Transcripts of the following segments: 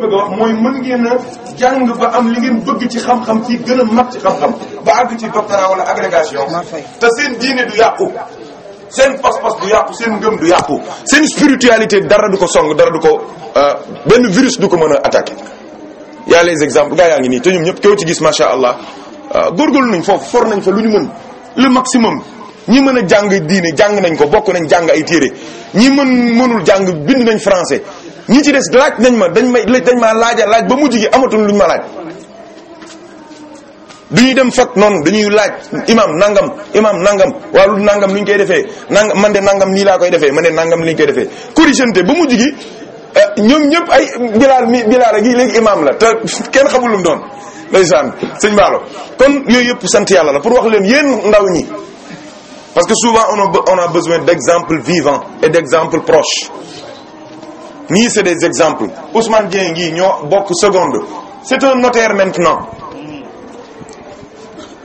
bëgg a mooy mën ngeen a jàng ba am li ngeen bëgg ci xam-xam ci gën a mag ci xam-xam ba àgg ci doctorat wala agrégation te seen diine du yàqu seen pas-pas du yàqu seen ngëm du yàqu seen spiritualité dara du ko song dara du ko euh, benn virus du ko mën a attaqué y les exemples gaa yaa ngi nii te ñoom ñëpp kew ci gis macha allah euh, góorgóorlu nañ foofu for nañ fa lu ñu mën le maximum ñi mën a jàng diine jàng nañ ko bokk nañ jàng ay téere ñii mën mënul jàng bind nañ français ñi ci des laaj nañ ma dañ may dañ maa laaja laaj ba mujj gi amatul luñ ma laaj du ñuy dem fat noonu dañuy laaj imam nangam imam nangam waa lu nangam lu koy defee nangam man de nangam nii laa koy defee man de nangam li koy defee corrigenté ba mujj gi eh, ñoom ñëpp ay bilaal mi bilaal gi léegi imam la te kenn xamul doon lay doon ndeysaan Baalo kon yooyu yëpp sant yàlla la pour wax leen yéen ndaw ñi parce que souvent on a on a besoin d'exemples vivants et d'exemples proches nii c'est des exemples Ousmane Dieng ngi ñoo bokk seconde c'est un notaire maintenant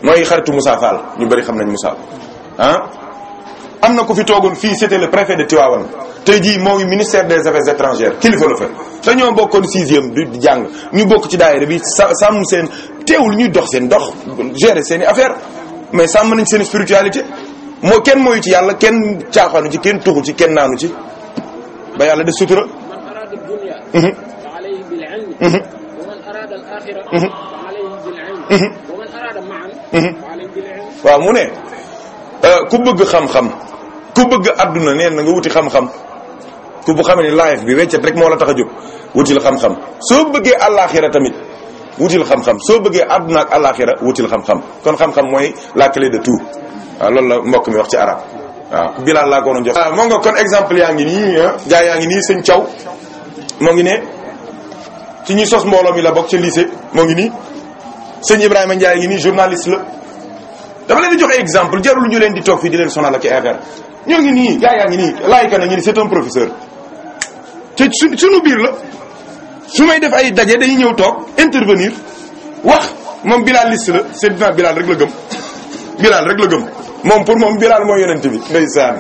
mooy xaritu Moussa ñu bëri xam nañ Moussa ah am na ku fi toogoon fii c'était le préfet de Tivaouane te jii moo ngi ministère des affaires étrangères kilifa la fa dañoo bokkoon sixième du jàng ñu bokk ci daayira bi sàmm seen teewul ñuy dox seen dox gérer seen i affaire mais sàmm nañ seen spiritualité moo kenn mooyu ci yàlla kenn caaxaanu ci kenn tuxu ci kenn naanu ci ba yàlla de waaw mu ne euh, ku bëgg xam-xam ku bëgg adduna neen na nga wuti xam-xam ku bu xamee ni life bi weccet rek moo la tax a jóg wutil xam-xam soo bëggee àllaaxira tamit wutil xam-xam soo bëggee adduna ak àllaaxira wutil xam-xam kon xam-xam mooy la clé de tout waaw loolu la mbokk mi wax ci arab waaw bilaal laa ko jox. moo nga kon exemple yaa ngi nii ah, yaa ngi nii sëñ Thiaw moo ngi ne ci ñuy sos mbooloo mi la bokk ci lycée moo ngi nii sëñ Ibrahima Ndiaye ngi nii journaliste la dama leen di joxe exemple jarul ñu leen di toog fii di leen sonal ak affaire ñoo ngi nii gaa yaa ngi nii laayka na ngi nii c'est un professeur te su suñu biir la su may def ay daje dañuy ñëw toog intervenir wax moom Bilal liste la c'est dinaa Bilal rek la gëm Bilal rek la gëm moom pour moom Bilal mooy yonent bi ndeysaan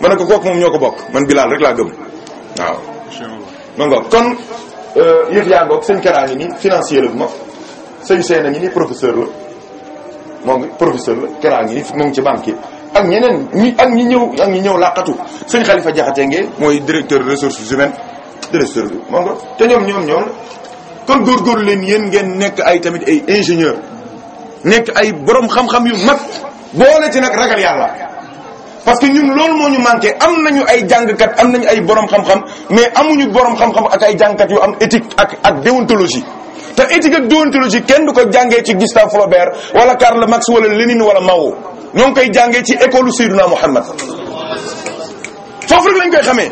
ma ne ko kooku moom ñoo ko bokk man Bilal rek laa gëm waaw ma ngoog kon euh, yëf yaa ngoog sëñ Kara ngi nii financier la bu mag sëñ Seyna ngi nii professeur la moom professeur la Kara ngi nii mu ngi ci banque yi ak ñeneen ñi ak ñi ñëw ak ñi ñëw làqatu sëñ Khalifa Diakhaté ngee mooy directeur ressources humaines directeur bi ma ngoog te ñoom ñoom ñoom la kon góorgóorlu leen yéen ngeen nekk ay tamit ay ingénieur nekk ay borom xam-xam yu mag boole ci nag ragal yàlla parce que ñun loolu moo ñu manqué am nañu ay jàngkat am nañu ay borom xam-xam mais amuñu borom xam-xam ak ay jàngkat yu am éthique ak ak déontologie te éthique ak déontologie kenn du ko jàngee ci Gustave Flaubert wala Karl Marx wala Lénine wala Mao ñoo ngi koy jàngee ci école na Muhammad foofu rek lañ koy xamee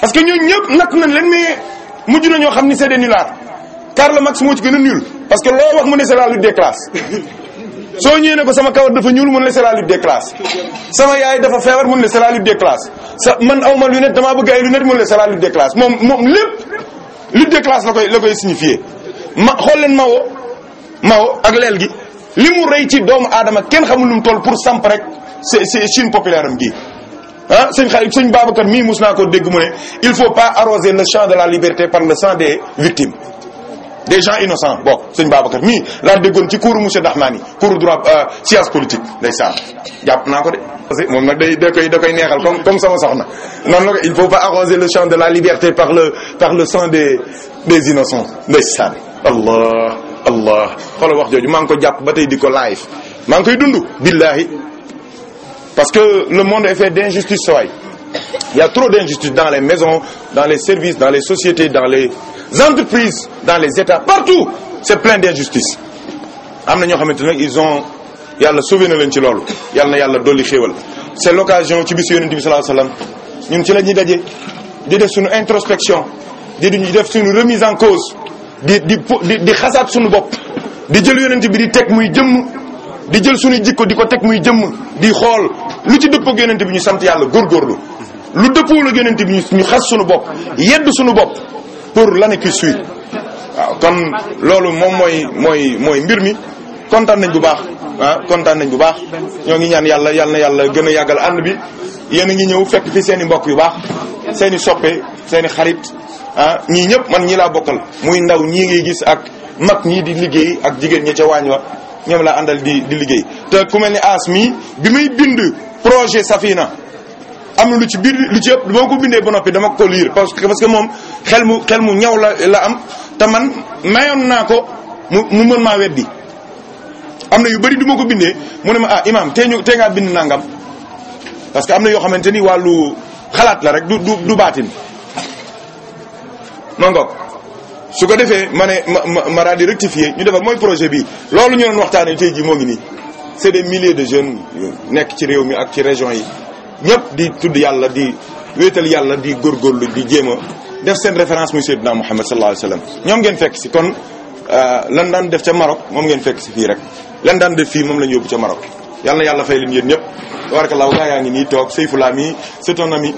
parce que ñooñu ñëpp natt nañ leen mais mujj na ñoo xam ni c'est des nullards Karl Marx moo ci gën a nul parce que loo wax mu ne c'est la lutte des soo ñëwee ne ko sama kawar dafa ñuul mun la c'est la lutte sama yaay dafa feebar mun la c'est la lutte des classes sa man awma lunette damaa bëgg ay lunette mun la c'est la lutte moom moom lépp lutte des classes la koy la koy signifier ma xool leen Mao Mao ak leel gi li mu rey ci doomu aadama kenn xamul lu mu toll pour samp rek c'est c'est Chine populaire am gii ah sëñ xarit sëñ Babacar mii mus naa ko dégg mu ne il faut pas arroser le champ de la liberté par le sang des victimes des gens innocents bon sëñ Babacar mii laa déggoon ci cours monsieur Dahmani cours droit euh, science politique ndeysaan jàpp naa ko de. parce que moom nag day da koy da koy neexal comme comme sama soxna noonu la il faut pas arroser le champ de la liberté par le par le sang des des innocents ndeysaan allah allah xoolal wax jooju maa ngi ko jàpp ba tey di ko live maa ngi koy dund billahi parce que le monde est fait d'injustice saway il y a trop d'injustice dans les maisons dans les services dans les sociétés dans les entreprises, dans les États, partout c'est plein d'injustice am na ñoo xamante nag ils ont yàlla sauvé na ci loolu yàlla na yàlla dolli xéewal c'est l'occasion ci bis yonent bi sallallahu alayhi wasallam ñun ci la ñuy daje di def suñu introspection di def suñu remise en cause di di di xasaat suñu bopp di jël yonent bi di teg muy jëmm di jël suñu jikko di ko teg muy jëmm di xool lu ci dëpp ak yonent bi ñu sant yàlla góorgóorlu lu dëppoo la yonent bi ñu xas suñu bopp yedd suñu bopp pour l'année qui suit waaw kon loolu moom mooy mooy mooy mbir mi kontaan nañ bu baax ah kontaan nañ bu baax ñoo ngi ñaan yàlla yàlla yàlla gën a yàggal ànd bi yéen a ngi ñëw fekk fi seen i mbokk yu baax seeni i soppe seen i xarit ah ñii ñëpp man ñii laa bokkal muy ndaw ñii ngay gis ak mag ñii di liggéey ak jigéen ñi ca waañ wa ñoom laa àndal di di liggéey te ku mel ni aas mii bi muy bind projet Safina am lu ci biir lu ci ëpp du ma ko bindee ba noppi dama ko liir parce que que moom xel mu xel mu ñaw la la am te man mayoon naa ko mu mu mën maa weddi am na yu bëri du ko bindee mu ne ma ah imaam te ñu tee ngaa bind nangam parce que am na yoo xamante ni wàllu xalaat la rek du du du baatin ma su ko defee ma ne ma ma daal di rectifier ñu defar mooy projet bi loolu ñu doon waxtaanee tey jii moo ngi nii c'est des milliers de jeunes nekk ci réew mi ak ci région yi ñëpp di tudd yàlla di wéetal yàlla di góor góorgóorlu di jéem a def seen référence muy Seydina Muhammad sallallahu alayhi ñoom ngeen fekk si kon euh, lan daan def ca Maroc moom ngeen fekk si fii rek lan daan def fii moom lañ yóbbu ca Maroc yàlla yàlla fay leen yéen ñëpp tabarakallahu gaa yaa ngi nii toog Seyfou Lami c'est ton ami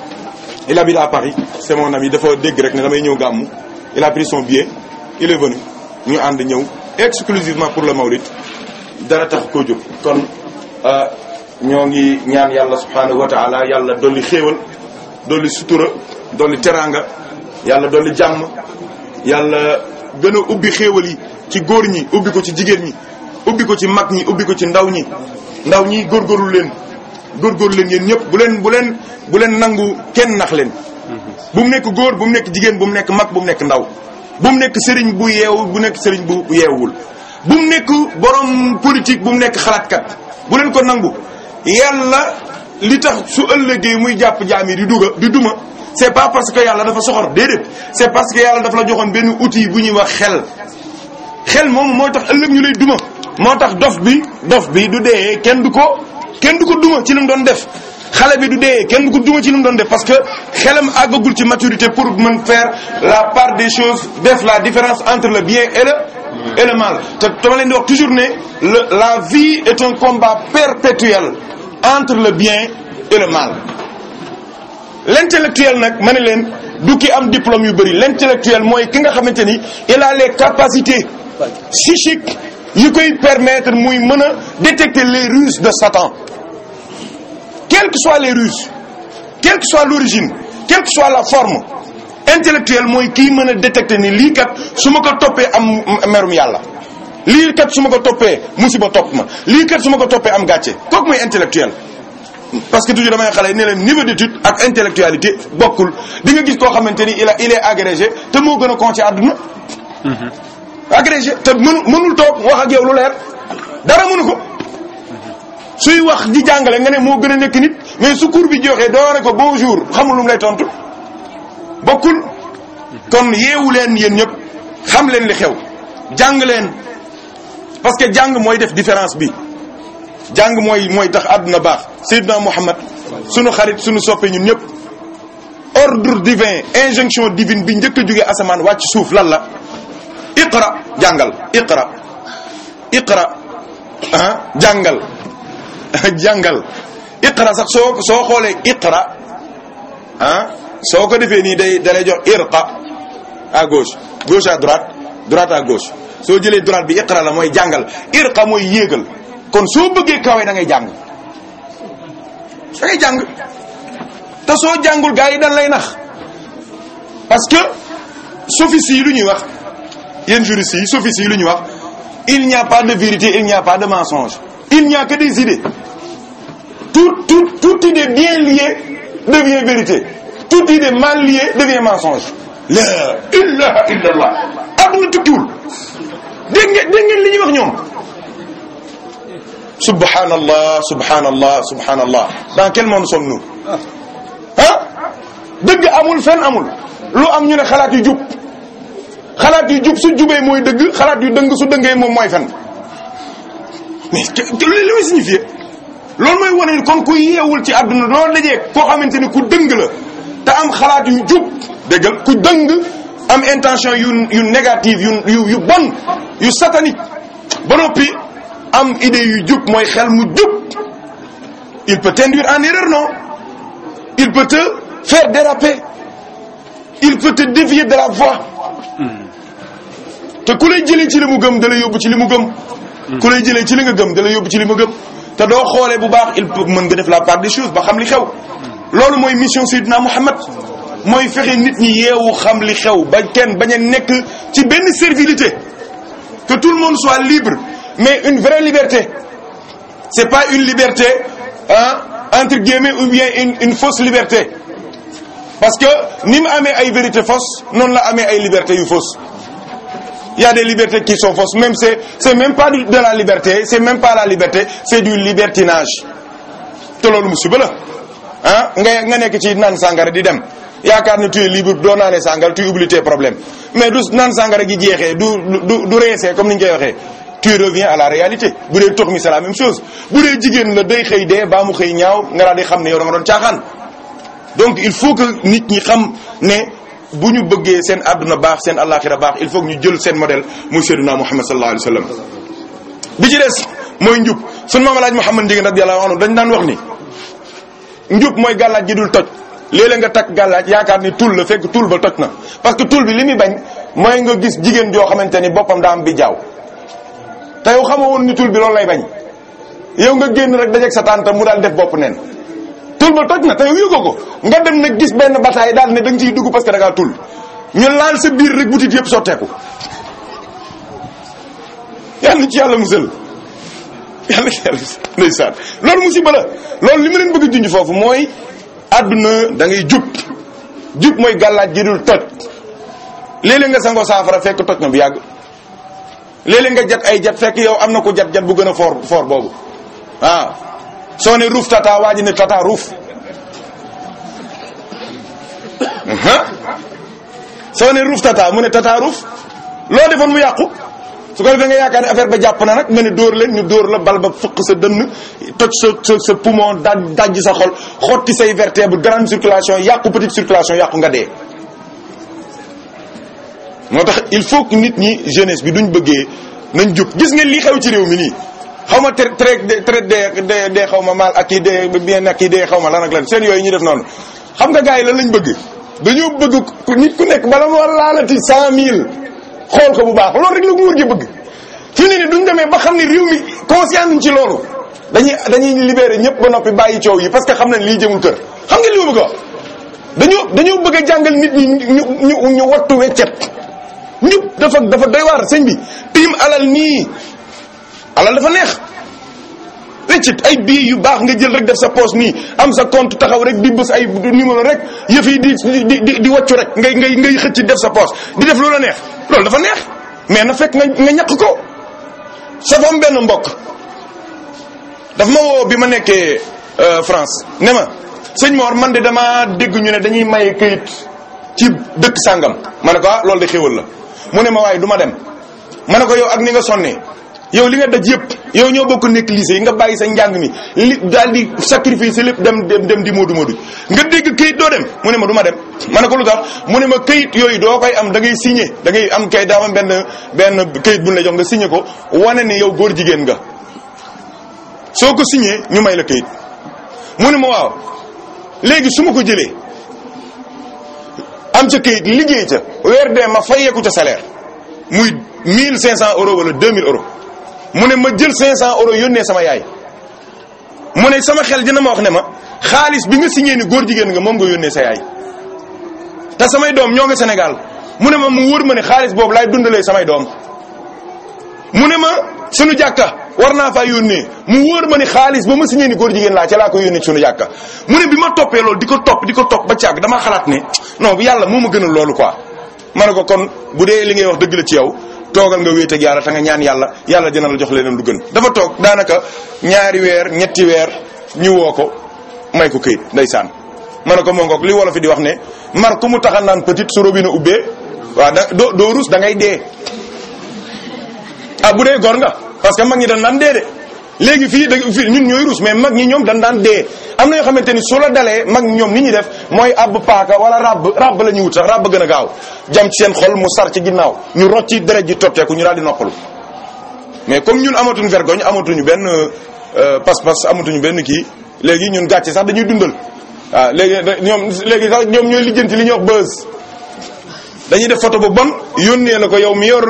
il habite à Paris semon mon ami dafa dégg rek ne damay ñëw gàmmu il a pris son billet il venu ñu ànd ñëw exclusivement pour le Mawlid dara tax koo jóg kon euh, ñoo ngi ñaan yàlla subhanahu wa taala yàlla dolli xéewal dolli sutura dolli teraanga yàlla dolli jàmm yàlla gën ubbi xéewal yi ci góor ñi ubbi ko ci jigéen ñi ubbi ko ci mag ñi ubbi ko ci ndaw ñi ndaw ñi góorgóorlu leen góorgóorlu leen yéen ñëpp bu leen bu leen bu leen nangu kenn nax leen bu mu nekk góor bu mu nekk jigéen bu mu nekk mag bu mu nekk ndaw bu mu nekk sëriñ bu yeewu bu nekk sëriñ bu yeewul bu mu nekk borom politique bu mu nekk xalaatkat bu leen ko nangu yàlla li tax su ëllëgee muy jàpp jaam yi di duga di duma c'est pas parce que yàlla dafa soxor déedéet c'est parce que yàlla dafa la joxoon benn outil bu ñuy wax xel xel moom moo tax ëllëg ñu lay duma moo tax dof bi dof bi du dee kenn du ko kenn ko duma ci lu mu doon def xale bi du dee kenn du ko duma ci lu mu doon def parce que xelam àggagul ci maturité pour mën faire la part de choses def la différence entre le bien et et le mal te dama leen di toujours ne la vie est un combat perpétuel entre le bien et le mal l'intellectuel nag ma ne leen du ki am diplôme yu bëri l'intellectuel mooy ki nga xamante ni il a les capacités psychiques yu koy permettre muy mën a détecter les ruses de Satan quelles que soient les ruses quelle que soit l'origine quelle soit la forme intellectuel mooy kii mën a détecter ni lii kat su ma ko toppee am merum yàlla lii kat su ma ko toppee musiba topp ma lii su ma ko toppee am gàcce kooku mooy intellectuel parce que toujours damay xale yi ne leen niveau d'étude ak intellectualité bokkul di nga gis koo xamante ni il e il est te moo gën a con ci àdduna mm-hmm. agrégé te mënu mënul toog wax ak yow lu leer dara mënu ko suy wax di jàngale nga ne moo gën a nekk nit mais su cours bi joxee doore ko bonjour xamul lu mu lay tontu bokkul kon yeewu leen yéen ñëpp xam leen li xew jàng leen parce que jàng mooy def différence bi jàng mooy mooy tax àdduna baax Seydina Muhammad sunu xarit sunu soppe ñun ñëpp ordre divin injonction divine bi njëkk a jógee asamaan wàcc suuf lan la iqra jàngal iqra iqra ah jàngal jàngal iqra sax soo soo xoolee iqra ah soo ko defee nii day dalay jox irqa à gauche gauche à droite droite à gauche soo jëlee droite bi iqra la mooy jàngal irqa mooy yéegal kon soo bëggee kawe da ngay jàng da ngay jàng te soo jàngul gars yi dañ lay nax parce que sophistes yi lu ñuy wax yéen juristes yi sophistes yi lu ñuy wax il n'y a pas de vérité il n'y a pas de mensonge il n'y que des idées tout tout toute idée bien liée devient vérité toute idée mal liée devient mensonge la ilaha illallah adduna tukkiwul dégg ngeen dégg ngeen li ñuy wax ñoom subhanallah subhanallah dans quel monde sommes-nous ah dëgg amul fen amul lu am ñu ne xalaat yu jub xalaat yu jub su jubee mooy dëgg xalaat yu dëng su dëngee moom mooy fen mais li muy signifié loolu mooy ku yeewul ci àdduna doo koo xamante ni ku dëng la te am xalaat yu jub dëggal ku dëng am intention yu yu négative yu yu bon yu satanique ba noppi am idée yu jub mooy xel mu jub il peut t'induire en erreur non il peut te faire déraper il peut te dévier de la voie te ku lay jëlee ci li mu gëm da lay yóbbu ci li mu gëm ku lay jëlee ci li nga gëm da lay ci li mu gëm te doo xoolee bu baax il peut mën nga def la part des choses ba xam li xew loolu mooy mission Seydina Muhammad mooy fexe nit ñi yeewu xam li xew bañ kenn bañ nekk ci benn servilité que tout le monde soit libre mais une vraie liberté c'est pas une liberté ah entre guillemets ou bien une une fausse liberté parce que ni mu amee ay vérité fausse noonu la ame ay liberté yu fausse ya y a des libertés qui sont fausses même c'est c'est même pas de la liberté c'est même pas la liberté c'est du libertinage te loolu musiba ah nga nga nekk ci naan sàngara di dem yaakaar na tu es libre doo naanee sàngara tu oublies tes problèmes mais du naan sàngara gi jeexee du du du comme ni ñu koy waxee tu reviens à la réalité bu dee tox mi c'est la même chose bu dee jigéen la day xëy dee baa mu xëy ñaaw nga daal di xam ne yow da nga doon caaxaan donc il faut que nit ñi xam ne bu ñu bëggee seen adduna baax seen àllaaxira baax il faut ñu jël seen model muy Seydina Muhammad sallallahu alayhi wa sallam mooy njub sunu maam Alaaji Muhammad Ndieguene radiyallahu anhu dañ daan wax ni njub mooy gàllaaj gi dul toj léeg-léeg nga takk gàllaaj yaakaar ni tul la fekk tul ba toj na parce que tul bi li muy bañ mooy nga gis jigéen joo xamante ni boppam daa am bi jaaw te yow xamoo woon ni tul bi loolu lay bañ yow nga génn rek dajeeg sa tànta mu daal def bopp nen tul ba toj na te yow yëgoo ko nga dem na gis benn bataay daal ne da nga ciy dugg parce que da ngaa tul ñu laal sa biir rek butit yëpp sotteeku yàlla ci yàlla musal yàlla yàlla ndeysaan loolu musiba loolu li ma leen bëgg a junj foofu mooy àdduna dangay ngay jub jub mooy gàllaaj gi dul toj léeg-léeg nga sangoo saafara fekk toj na bu yàgg léeg-léeg nga jat ay jat fekk yow am na ko jat jat bu gën a foor foor boobu waaw soo ne ruuf tata waa ji ne ruuf soo ne ruuf tata mu ne tata ruuf loo defoon mu yàqu su ko defee nga yaakaar ne affaire ba jàpp na nag nga ne dóor leen ñu dóor la bal ba fëq sa dënn toj sa sa sa poumon da dajj sa xol xotti say vertèbre grande circulation yàqu petite circulation yàqu nga dee moo tax il faut que nit ñi jeunesse bi duñ bëggee nañ jub gis nga lii xew ci réew mi nii xaw ma traite traite de de xaw ma mal ak yi de bien ak yi de xaw ma lan ak lan seen yooyu ñu def noonu xam nga gars yi lan lañ bëgg dañoo bëgg nit ku nekk bala moo laalati cent mille xool ko bu baax loolu rek la nguur gi bëgg fi ne ni duñ demee ba xam ne réew mi conscient nañ ci loolu dañuy dañuy libéré ñëpp ba noppi bàyyi coow yi parce que xam nañ lii jëmul kër xam nga li ma bëgg a dañoo dañoo bëgg a jàngal nit ñi ñu ñu ñu wattu weccet ñëpp dafa dafa doy waar sëñ bi tiim alal nii alal dafa neex weccit ay bii yu baax nga jël rek def sa poche nii am sa compte taxaw rek di bës ay numéro rek yëf yi di di di di wàccu rek ngay ngay ngay xëcc def sa poche di def loola neex loolu dafa neex mais na fekk nga nga ñàkk ko sa fam benn mbokk daf ma woo bi ma nekkee euh, France ne ma sëñ Mor man de dama dégg ñu ne dañuy maye këyit ci dëkk sàngam ma ne ko ah loolu de xéwal la mu ne ma waaye duma dem ma ne ko yow ak ni nga sonnee yow li nga daj yëpp yow ñoo bokk nekk lycée yi nga bàyyi sa njàng mi li daal di sacrifice lépp dem dem dem di moodu moodu nga dégg këyit doo dem mu ne ma du dem ma ne ko lu tax mu ne ma këyit yooyu doo koy am da ngay signé da ngay am kay daa am benn benn këyit bu la jox nga signé ko wane ne yow góor jigéen nga soo ko signé ñu may la këyit mu ne ma waaw léegi su ma ko jëlee am ca këyit liggéey ca weer dee ma fayeeku ca salaire muy 1500 euros wala 2000 euros mu ne ma jël 500 euros yónnee sama yaay mu ne sama xel dina ma wax ne ma xaalis bi nga si ni góor jigéen nga moom nga yónnee sa yaay te samay doom ñoo nga Sénégal mu ne ma mu wóor ma ne xaalis boobu laay dundalee samay doom mu ne ma sunu jàkka war naa faa yónnee mu wóor ma ne xaalis ba ma si ni góor jigéen laa ca laa ko yónnee sunu jàkka mu ne bi ma toppee loolu di ko topp di ko topp ba càgg damaa xalaat ni non yàlla moo ma a loolu quoi ma ne ko kon bu dee li ngay wax dëgg la ci yow toogal nga wéet yàlla ta nga ñaan yàlla yàlla dina la jox leneen lu gën dafa toog daanaka ñaari weer ñetti weer ñu woo ko may ko këyit ndeysaan ma ne ko moo ngoog li wolof fi di wax ne mar ku mu taxal naan petite su robinet ubbee waa da doo doo rus da ngay dee ah bu dee góor nga parce que mag ñi dañ naan dee de léegi fii da fii ñun ñooy ruus mais mag ñi ñoom dañ daan dee am na yoo xamante ni su la dalee mag ñoom ni ñuy def mooy àbb paaka wala ràbb ràbb la ñuy wut sax ràbb gën a gaaw jam ci seen xol mu sar ci ginnaaw ñu rocc ci deret ji totteeku ñu daal di mais comme ñun amatuñ vergogne amatuñu benn euh, pas-pas amatuñu benn kii léegi ñun gàcce sax dañuy dundal waaw léegi ñoom léegi sax ñoom ñooy lijjanti li ñuy wax buzz dañuy def photo bu bon yónnee la ko yow mi yor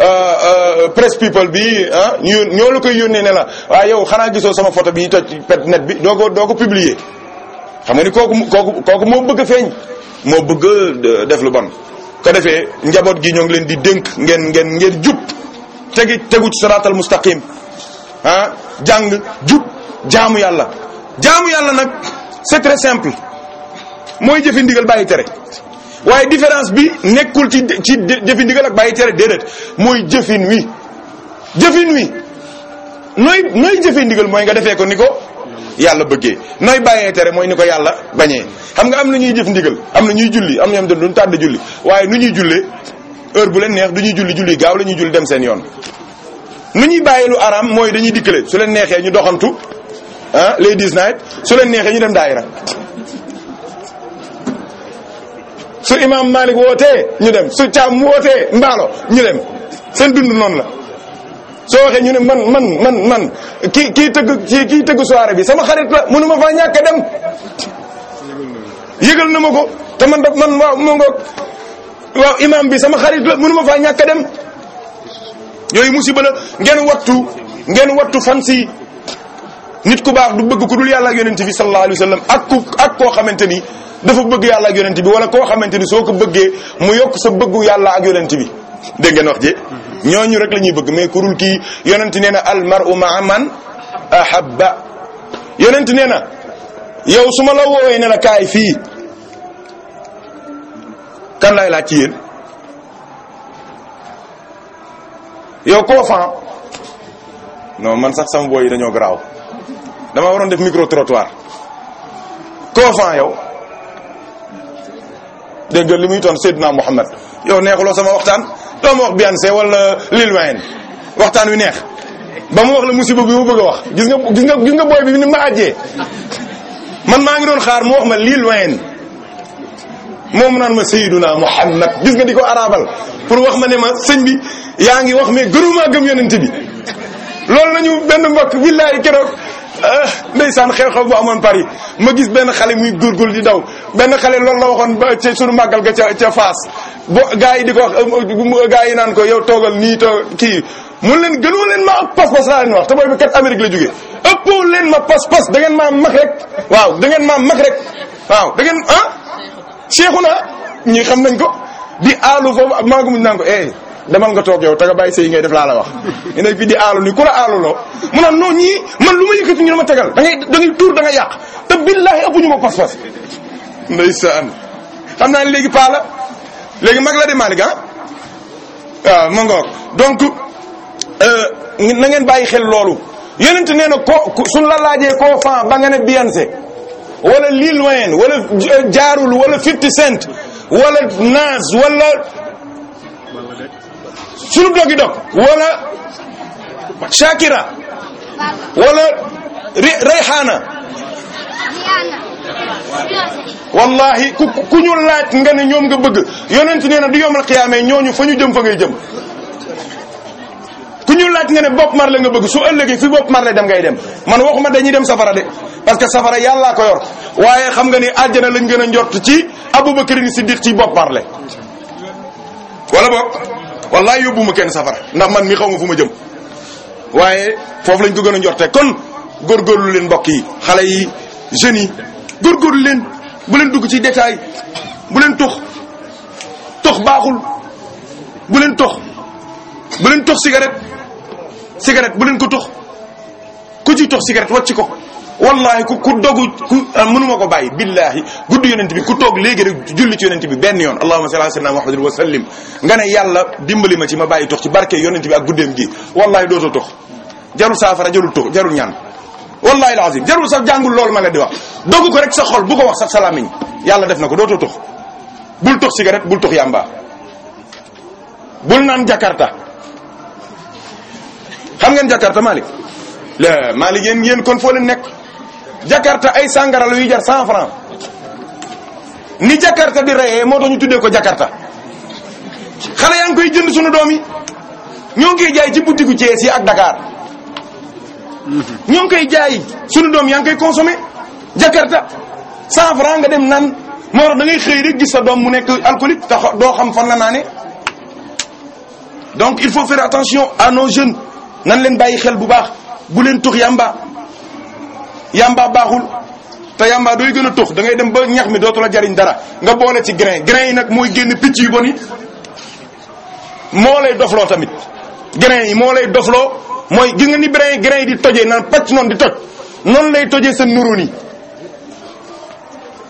Euh, euh, press people bi ah ñu ñoo la koy yónnee ne la waaye yow xanaa gisoo sama photo bi toj pet net bi doo ko doo ko xam nga ni kooku kooku kooku moo bëgg a feeñ moo bëgg def lu bon. ko defee njaboot gi ñoo ngi leen di dénk ngeen ngeen ngeen jub tegi tegu ci siraatal mustaqim ah jàng jub jaamu yàlla jaamu yàlla nag c'est très simple mooy jëfi ndigal bàyyi tere. waaye différence bi nekkul ci ci jëfi ndigal ak bàyyi tere déedéet mooy jëfin wi jëfin wi nooy nooy jëfee ndigal mooy nga defee ko ni ko yàlla bëggee nooy bàyyee tere mooy ni ko yàlla bañee xam nga am na ñuy jëf ndigal am na ñuy julli am na ñoom duñ tàdd julli waaye nu ñuy jullee heure bu leen neex du ñuy julli julli gaaw la ñuy julli dem seen yoon nu ñuy bàyyi lu araam mooy dañuy dikkale su leen neexee ñu doxantu ah les dix night su leen neexee ñu dem daayira su imam Malik wootee ñu dem su Thiam wootee Mbaalo ñu dem seen dund noonu la. soo waxee ñu ne man man man man ki kii tëgg kii kii tëgg bi sama xarit la mënu ma faa ñàkk dem. yëgal na ma ko te man da man waaw mu ngoog waaw imam bi sama xarit la mënu ma faa ñàkk dem. yooyu musiba la ngeen wattu ngeen wattu fan si nit ku baax du bëgg ku dul yàlla ak yonent bi sallallahu alayhi ak ku ak koo xamante ni. dafa bëgg yàlla ak yonent bi wala koo xamante ni soo ko bëggee mu yokk sa bëggu yàlla ak yonent bi dégg ngeen wax ji ñooñu rek lañuy ñuy bëgg mais kurul kii yonent nee na al mar'u ma'a man ahabba yonent nee na yow su ma la woowee ne la kaay fii kan laay laaj ci yéen yow koo fan non man sax sama booy yi dañoo garaaw dama waroon def micro trottoir koo fan yow dégg li muy ton Seydina Muhammad yow neexuloo sama waxtaan doo bi wax Beyoncé wala Lil Wayne waxtaan wi neex ba mu wax la musiba bi mu bëgg a wax gis nga gis nga gis nga booy bi ni ma aje man maa ngi doon xaar mu wax ma Lil Wayne moom naan ma Seydina Muhammad gis nga di ko arabal pour wax ma ne ma sëñ bi yaa ngi wax mais gënumaa gëm yonent bi loolu lañu benn mbokk billahi keroog Ah, ndeysaan xew-xew boo amoon Paris ma gis benn xale muy góorgóorlu di daw benn xale loolu la waxoon ba ca sunu màggal ga ca ca Fass bo gaa yi di ko wax um, um, um, ga yi naan ko yow toogal nii toog kii mun leen gënoo leen ma ak pas-pas laa leen wax te booy bi kat Amérique la jógee ëppoo leen ma pas-pas da ngeen maa rek waaw da ngeen maa mag rek waaw da ngeen ah. seexu na ñi xam nañ ko di aalu foofu ak maa naan ko eh. demal nga toog yow te nga bàyyi sëy ngay def laa la wax ñu ne fi di aalu ni ku la aaluloo mu naan non ñii man lu ma yëkkati ñu dama tegal da ngay da ngay tuur da yàq te billaahi ëpp ñu ma pas-pas ndeysaan xam naa léegi paa léegi mag la di Malick ah waaw ma donc euh, na ngeen bàyyi xel loolu yonent nee na ko suñ la laajee koo fan ba nga ne Beyoncé wala Lil Wayne wala jaarul wala 50 Cent walla Nas wala sunu dogi dog wala shakira wala rayhana wallahi ku ku ñu laaj nga ne ñoom nga bëgg yonent nee na du yomal xiyaamee ñooñu fa ñu jëm fa ngay jëm ku ñu laaj nga ne bopp mar la nga bëgg su ëllëgee fi bopp mar la dem ngay dem man waxuma dañuy dem safara de parce que safara yàllaa ko yor waaye xam nga ni àjjana lañ gën a njort ci Abubakar Siddiq ci bopp mar la bopp wallaay yóbbu ma kenn safara ndax man mi xaw nga fu ma jëm waaye foofu lañ ko gën a njorte kon góorgóorlu leen mbokk yi xale yi jeunes yi góorgóorlu leen bu leen dugg ci détail bu leen tox toox baaxul bu leen tox bu leen tox cigarette cigarette bu leen ko tox ku ci toox tox cigarette ci ko wallahi ku ku dogu ku ah, mënuma ko bàyyi billahi guddi yonent bi ku toog léegi rek julli ci yonent bi benn yoon allahumma salli ala sayyidina muhammadin wa sallim nga ne yàlla dimbali ma ci ma bàyyi tox ci barke yonent bi ak guddeem gi wallahi dootoo tox jarul saafara jarul tox jarul ñaan wallahi alazim jarul sax jàngul loolu ma la di wax dogu ko rek sa xol bu ko wax sax sa làmmiñ yàlla def na ko dootoo tox bul tox cigarette bul tox yamba bul naan jakarta xam ngeen jakarta Malick la Malick yéen yéen kon foo leen nekk Jakarta ay sàngara la yuy jar cent franc ni Jakarta di reyee moo tax ñu tuddee ko Jakarta xale yaa ngi koy jënd sunu doom yi ñoo ngi koy jaay ci boutique Thiès yi ak Dakar ñoo ngi koy jaay sunu doom yaa ngi koy consommer Jakarta cent franc nga dem nan moo tax da ngay xëy rek gis sa doom mu nekk alcoolique te doo xam fan la ne donc il faut faire attention à nos jeunes nan leen bàyyi xel bu baax bu leen tux yamba yamba baaxul te yamba dooy gën a tux da ngay dem ba ñax mi dootu la jariñ dara nga boole ci grain grain yi nag mooy génn picc yu bon yi moo lay dofloo tamit grain yi moo lay dofloo mooy gis ni grain yi di tojee naan pàcc noonu di toj noonu lay tojee sa neurones yi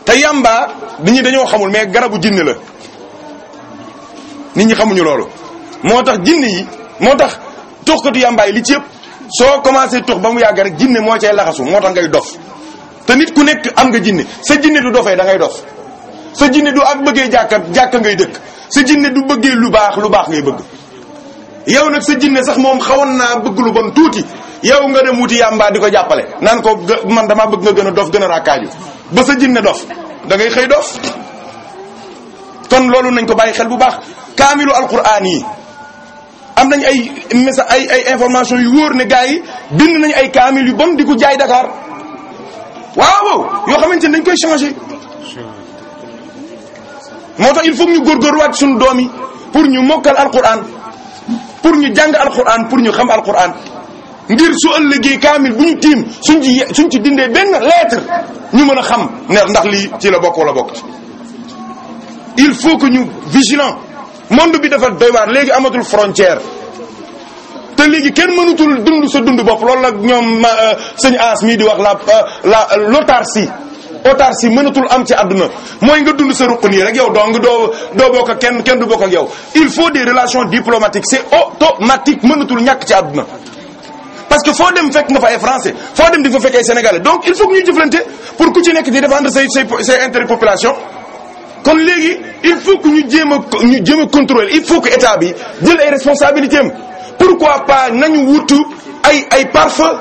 te yamba nit ñi dañoo xamul mais garabu jinne la nit ñi xamuñu loolu moo tax jinne yi moo tax tuxkatu yamba yi li ci yëpp soo commencé tux ba mu yàgg rek jinne moo cay laxasu moo tax ngay dof te nit ku nekk am nga jinne sa jinne du dofee da ngay dof sa jinne du ak bëggee jàkka jàkka ngay dëkk sa jinne du bëggee lu baax lu baax ngay bëgg yow nag sa jinne sax moom xawoon naa bëgg lu tuuti yow nga dem wuti yàmbaa di ko jàppale naan ko man damaa bëgg nga gën a dof gën a ba sa jinne dof da xëy dof kon loolu nañ ko bàyyi xel bu baax kaamilu alquran yi am nañ ay message ay ay information yu wóor ne gars yi bind nañ ay kaamil yu bon di ko jaay Dakar waaw yoo xamante ne dañ koy changé moo tax il faut ñu góorgóorluwaat suñu doom yi pour ñu mokkal alquran pour ñu jàng alquran pour ñu xam alquran ngir su ëllëgee kaamil bu ñu tiim suñ ci suñ ci dindee benn lettre ñu mën a xam ne ndax lii ci la bokk wala bokk il faut que ñu vigilant monde bi dafa doy waar léegi amatul frontière te léegi kenn mënatul dund sa dund bopp loolu nag ñoom euh, sëñ aas mii di wax la euh, la si l'autarcie autarcie mënatul am ci àdduna mooy nga dund sa ruq nii rek yow donc doo doo bokk ak kenn du bokk yow il faut des relations diplomatiques c'est automatique mënatul ñàkk ci àdduna parce que foo dem fekk nga fa ay français foo dem di fa fekk ay sénégalais donc il faut que ñuy jëflante pour ku ci nekk di défendre say say say intérêt population kon léegi il faut que ñu jéem a ñu jéem a contrôler il faut que état bi jël ay responsabilités am pourquoi pas nañu wutu ay ay pare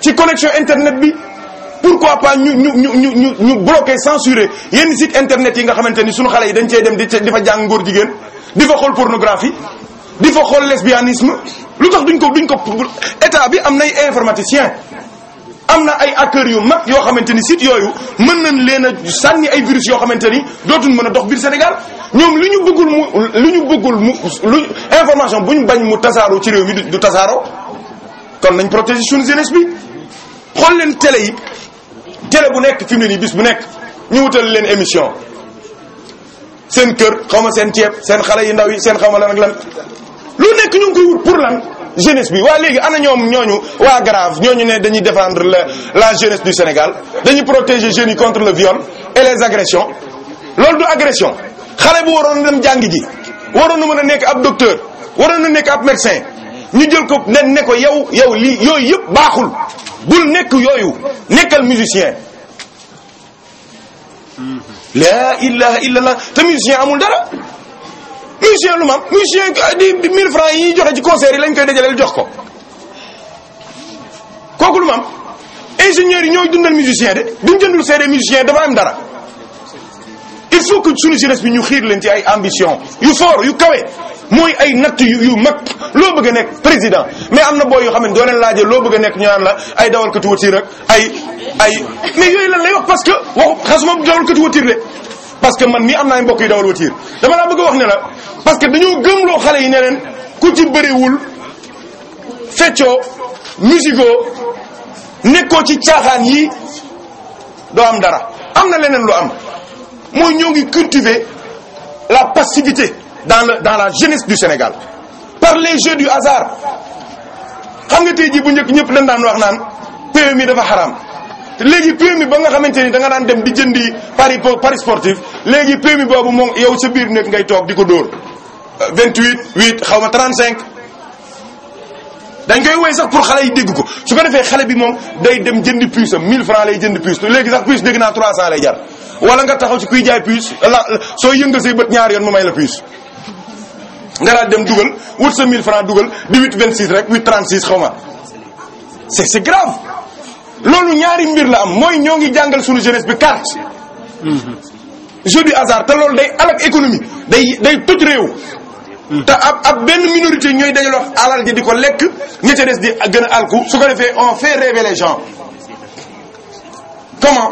ci connexion internet bi pourquoi pas ñu ñu ñu ñu ñu ñu bloquer censurer yenn site internet yi nga xamante ni sunu xale yi dañ cee dem di di fa jàng ngóor jigéen di fa xool pornographie di fa xool lesbianisme lu tax duñ ko buñ ko état bi am nay informaticien am na ay acteurs yu mag yoo xamante ni sites yooyu mën nañ leen a sànni ay virus yoo xamante ni dootuñ mën a dox biir Sénégal ñoom lu ñu bëggul mu lu ñu bëggul mu lu information bu ñu bañ mu tasaaroo ci réew mi du tasaaroo kon nañ protéger suñu jeunesse bi xool leen télé yi télé bu nekk fi mu nii bis bu nekk ñu wutal leen émission seen kër xaw ma seen ceeb seen xale yu ndaw yi seen xaw ma lan ak lan lu nekk ñu koy wut pour lan jeunesse bi waa léegi ana ñoom ñooñu waa grave ñooñu ne dañuy défendre la la jeunesse du Sénégal dañuy protéger jeunes yi contre le viol et les agressions loolu du agression xale bu waroon dem jàng ji waroon na mën a nekk ab docteur waroon na nekk ab médecin ñu jël ko ne ne ko yow yow li yooyu yëpp baaxul bul nekk yooyu nekkal musicien mm-hmm. laa ilaha illallah te musicien amul dara musicien lu mam musicien di mille francs yi joxe ci concert yi lañ koy dajaleel jox ko kooku lu mam ingénieurs yi ñooy dundal musicien de duñ jëndul seede musicien dafa am dara il faut que suñu jeunesse bi ñu xiir leen ci ay ambition yu fort yu kawe mooy ay natt yu yu mag loo bëgg a nekk président mais am na boo yoo xam ne doo leen loo bëgg a nekk ñu naan la ay dawalkatu watiir ak ay ay mais yooyu la lay wax parce que moom xasuma dawalkatu watiir de parce que man nii am naa mbokk yu dawal watiir dama laa bëgg a wax ne la parce que dañoo gëmloo xale yi ne ku ci bëriwul feccoo musikoo nekkoo ci caaxaan yi doo am dara am na leneen lu am mooy ñëw ngi cultiver la passivité dans le dans la jeunesse du Sénégal par les jeux du hasard xam nga tey jii bu njëkk ñëpp dañ daan wax naan PMI dafa xaraam léegi permis ba nga xamante ni da nga daan dem di jëndi pari pari sportif léegi permis boobu moom yow sa biir nekk ngay toog di ko dóor 28 euh, 8 xaw ma 35. dañ koy woy sax pour xale yi dégg ko su ko defee xale bi moom day dem jëndi puce am 1000 francs lay jënd puce léegi sax puce dégg naa 300 lay jar wala nga taxaw ci kuy jaay puce la soo yëngal say bët ñaar yoon mu may la puce. nga daal dem dugal wut sa mille francs dugal di 8 26 rek 8 36 xaw ma c'est c'est grave. loolu ñaari mbir la am mooy ñoo ngi jàngal suñu jeunesse bi carte mhm. jeu du hasard te loolu day alak économie day day toj réew mhm. te ab ab benn minorité ñooy dajaloo alal ji di ko lekk ña ca des di gën a alku su ko defee on fait rêver les gens comment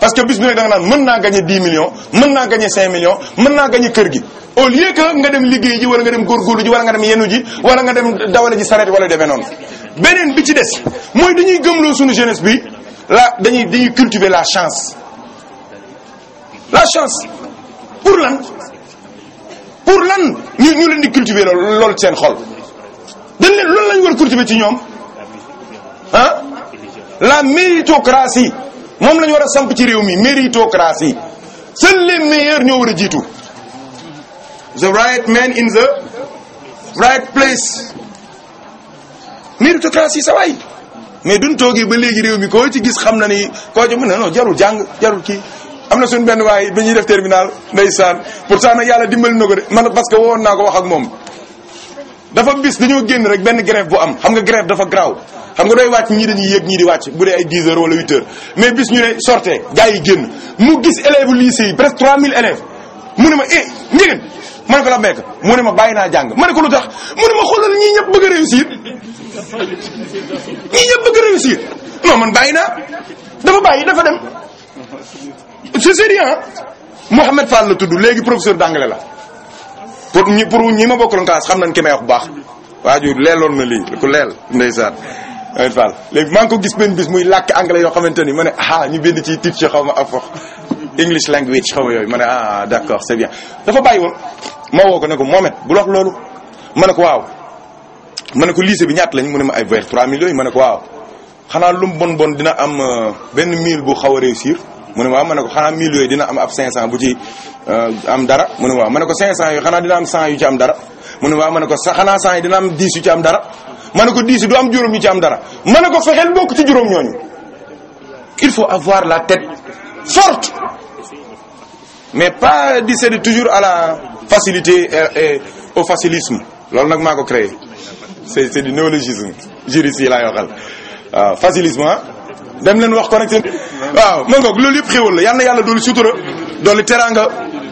parce que bis bu nekk da naan mën naa gagner dix millions mën naa gagner cinq millions mën naa gagner kër gi au lieu que nga dem liggéey ji wala nga dem góorgóorlu ji wala nga dem yenu ji wala nga dem dawale ji sareet wala demee noonu beneen bi ci des mooy dañuy gëmloo suñu jeunesse bi la dañuy dañuy cultiver la chance la chance pour lan pour lan ñu ñu leen di cultiver lool lool seen xol dañ leen loolu lañu war cultiver ci ñoom ah la méritocratie moom lañu war a samp ci réew mi méritocratie seuls les meilleurs ñoo war a jiitu the right man in the right place méritocratie sa waay mais duñ toogee ba léegi mi koo ci gis xam na ni koo ci mën na jarul jàng am na suñu benn waay bi ñuy def terminal ndeysaan pourtant nag yàlla dimbali na ko de man parce que wowoon naa ko wax ak moom dafa bis dañoo génn rek benn grève bu am xam nga grève dafa graw xam nga doy wàcc ñii dañuy yéeg ñii di wàcc bu dee ay 10 bis ñu ne yi génn mu gis élèves lycée yi presque 3000 élèves mu ne ma eh njëgën ma ne ko la mekk mu ne ma bàyyi naa jàng ma ne ko lu tax mu ne ma xoolal ñii ñëpp bëgg a réussir ñii ñëpp bëgg réussir non man bàyyi naa dafa bàyyi dafa dem c'est sérieux Mouhamed Fall la tudd léegi professeur d'anglais la pour ñi pour ma bokk classe xam nañ ki may wax baax waajur leeloon na lii ku leel ndeysaan Mouhamed Fall léegi maa ngi ko gis benn bis muy làkk anglais yoo xamante ni ma ne ah ñu bind ci titre xaw ma afox English language xaw ma yooyu ma ne ah d'accord c'est bien dafa bàyyi woon ma woo ko ne ko Mohamed bul wax loolu ma ne ko waaw ma ne ko lycée bi ñaata lañ mu ne ma ay vers 3 millions yi ma ne ko waaw xanaa lu bon bon dina am euh, benn mille bu xaw a réussir mu ne waaw ma ne ko xanaa mille yooyu dina am ab 500 bu euh, ci am dara mu ne waaw ma ne ko 500 yooyu xanaa dina am 100 yu ci am dara mu ne waaw ma ko sa xanaa 100 yi dina am 10 yu ci am dara ma ne ko 10 yi du am juróom yu ci am dara ma ne ko fexeel bokk ci juróom ñooñu il faut avoir la tête forte mais pas di céder toujours à la facilité et au facilisme loolu nag maa ko créé c'est c'est du néologisme juriste yi laay waxal waaw ah, facilisme ah. dem leen wax ko rek seen waaw man loolu yëpp xéwal la yal yàlla doolu sutura doolu teraanga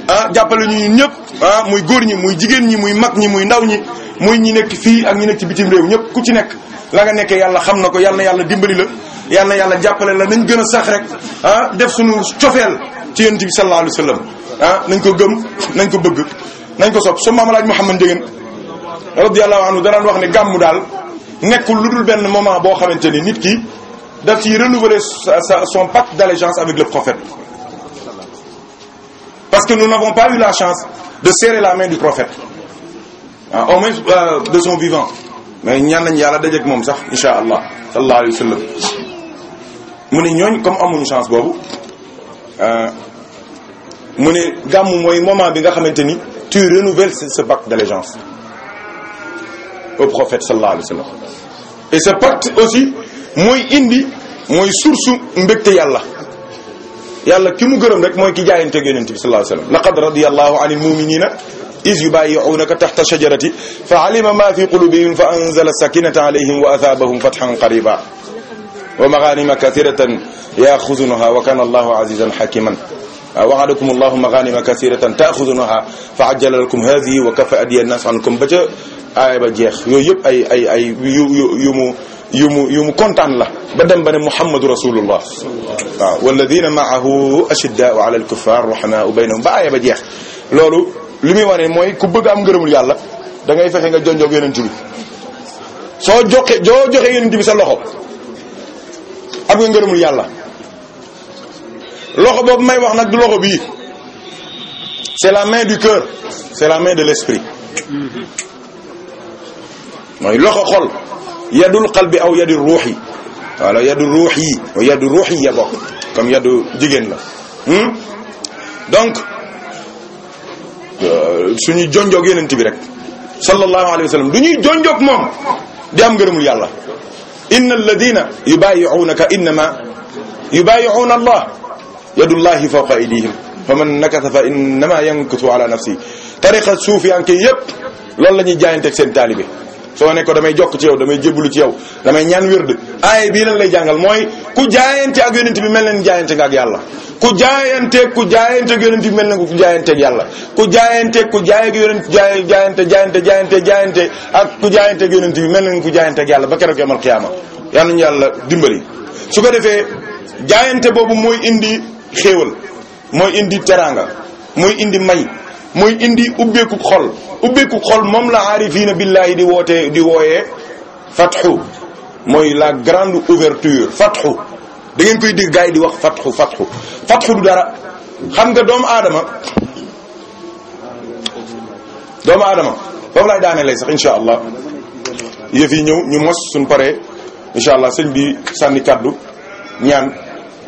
ah jàppale ñu ñun ñëpp ah muy góor ñi muy jigéen ñi muy mag ñi muy ndaw ñi muy ñi nekk fii ak ñi nekk ci bitim réew ñëpp ku ci nekk la nga nekkee yàlla xam na ko yal yàlla dimbali la yàlla yàlla jàppale la nañ gën a sax rek ah def suñu cofeel ci yonent bi sallallahu alayhi ah nañ ko gëm nañ ko bëgg nañ ko sopp su maam laaj Mouhamed Ndiéguène radiyallahu anhu danaan wax ne gàmmu daal nekkul lu dul benn moment boo xamante ni nit ki daf ciy renouveler son pacte d'allégeance avec le prophète parce que nous n'avons pas eu la chance de serrer la main du prophète au moins euh, de son vivant mais ñaan nañ yàlla dajeeg moom sax insha allah sallallahu alayhi wa sallam mu ne ñooñ comme amuñu chance boobu euh, mu ne gàmm mooy moment bi nga xamante ni tu renouvelles ce pacte d'allégeance au prophète sallallahu alayhi wa sallam et ce pacte aussi mooy indi mooy source mbégte yàlla yàlla ki mu gërëm rek mooy ki jaayanteeg yonent bi sallallahu alayhi wa sallam laqad radiyallahu anil muminina iz yubayi'unaka tahta shajarati fa alima ma fi qulubihim fa anzala sakinata alayhim wa athabahum fathan qariba wa maghanima kathiratan ya'khuzunaha wa kana allahu azizan hakiman waxadakum allahu maxaanima kasiratan taaxudunaha fa ajjala lakum hadihi wa kafa adiya nas ankum ba ca aaya ba jeex yooyu yëpp ay ay ay yu yu mu yu mu yu mu kontaan la ba dem ba ne muhammadu rasulullah waaw walladina maahu ashiddaau ala alkuffar rahmaau baynahum ba aaya ba jeex loolu li muy wane mooy ku bëgg am ngërëmul yàlla da ngay fexe nga jonjoog yonent bi soo joxe joo joxe yonent bi sa loxo am nga ngërëmul yàlla loxo boobu may wax nag du loxo bii c'est la main du cœur c'est la main de l'esprit mooy loxo xol yadul qalbi aw yadul ruux yi wala yadu ruux yi wa yadu ruux yi ya bokk comme yadu jigéen la hmm? donc euh, suñuy jonjoog yenent bi rek sallallahu alayhi wa sallam du ñuy jonjoog moom di am ngërëmul yàlla inna alladina yubayi'unaka innama yubayi'una allah yadullahi fawqa aydihim fa man nakasa fa innama yankasu ala nafsi tariqa suufiyanke yëpp loolu la ñuy jaayanteeg seen taalibe soo ne ko damay jokk ci yow damay jébbalu ci yow damay ñaan wérd aay bii lan lay jàngal mooy ku jaayante ak yonent bi mel na ni ak yàlla ku jaayanteeg ku jaayante ak yonent bi mel na ku jaayante ak yàlla ku jaayanteeg ku jaay ak yonent jaay jaayante jaayante jaayante jaayante ak ku jaayante ak yonent bi mel na ku jaayante ak yàlla ba keroog yomal qiyaama yal nañu yàlla dimbali su ko defee jaayante boobu mooy indi xéewal mooy indi teraanga mooy indi may mooy indi ubbeeku xol ubbeeku xol moom la aarifiina billahi di wootee di wooyee fatxu mooy la grande ouverture fatxu dangeen ngeen koy dégg gars di wax fatxu fatxu fatxu du dara xam nga doomu aadama doomu aadama foofu laay daane lay sax incha allah yëf yi ñëw ñu mos suñ pare incha allah sëñ bi sànni kaddu ñaan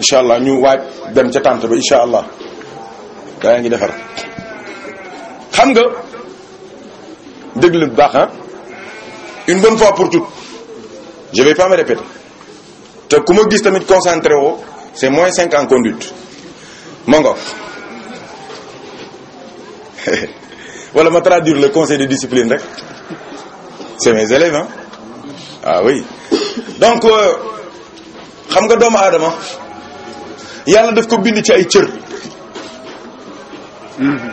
incha allah ñu waaj dem ca tànt ba incha allah gaa ngi defar xam nga déglu bu baax ah. une bonne fois pour toutes je vais pas me répéter te ku ma gis tamit concentré woo c'est moins cinq en conduite ma ngoog wala ma traduire le conseil de discipline rek c'est mes élèves ah ah donc euh, xam nga doomu aadama yàlla def ko bind ci ay cër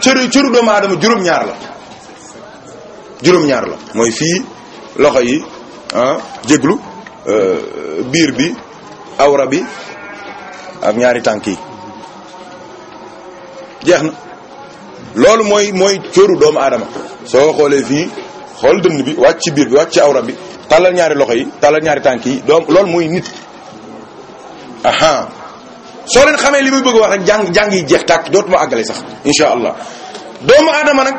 cëru cëru doomu aadama juróom-ñaar la juróom-ñaar la mooy fii loxo yi ah jéglu euh, biir bi awra bi ak ñaari tànk yi jeex na loolu mooy mooy cëru doomu aadama soo xoolee fii xool dënn bi wàcc ci biir bi wàcc ci awra bi tàllal ñaari loxo yi tàllal ñaari tànk yi doom loolu mooy nit aha soo leen xamee li muy bëgg wax rek jàng jàng yi jeex tàkk dootuma àggale sax insha allah doomu aadama nag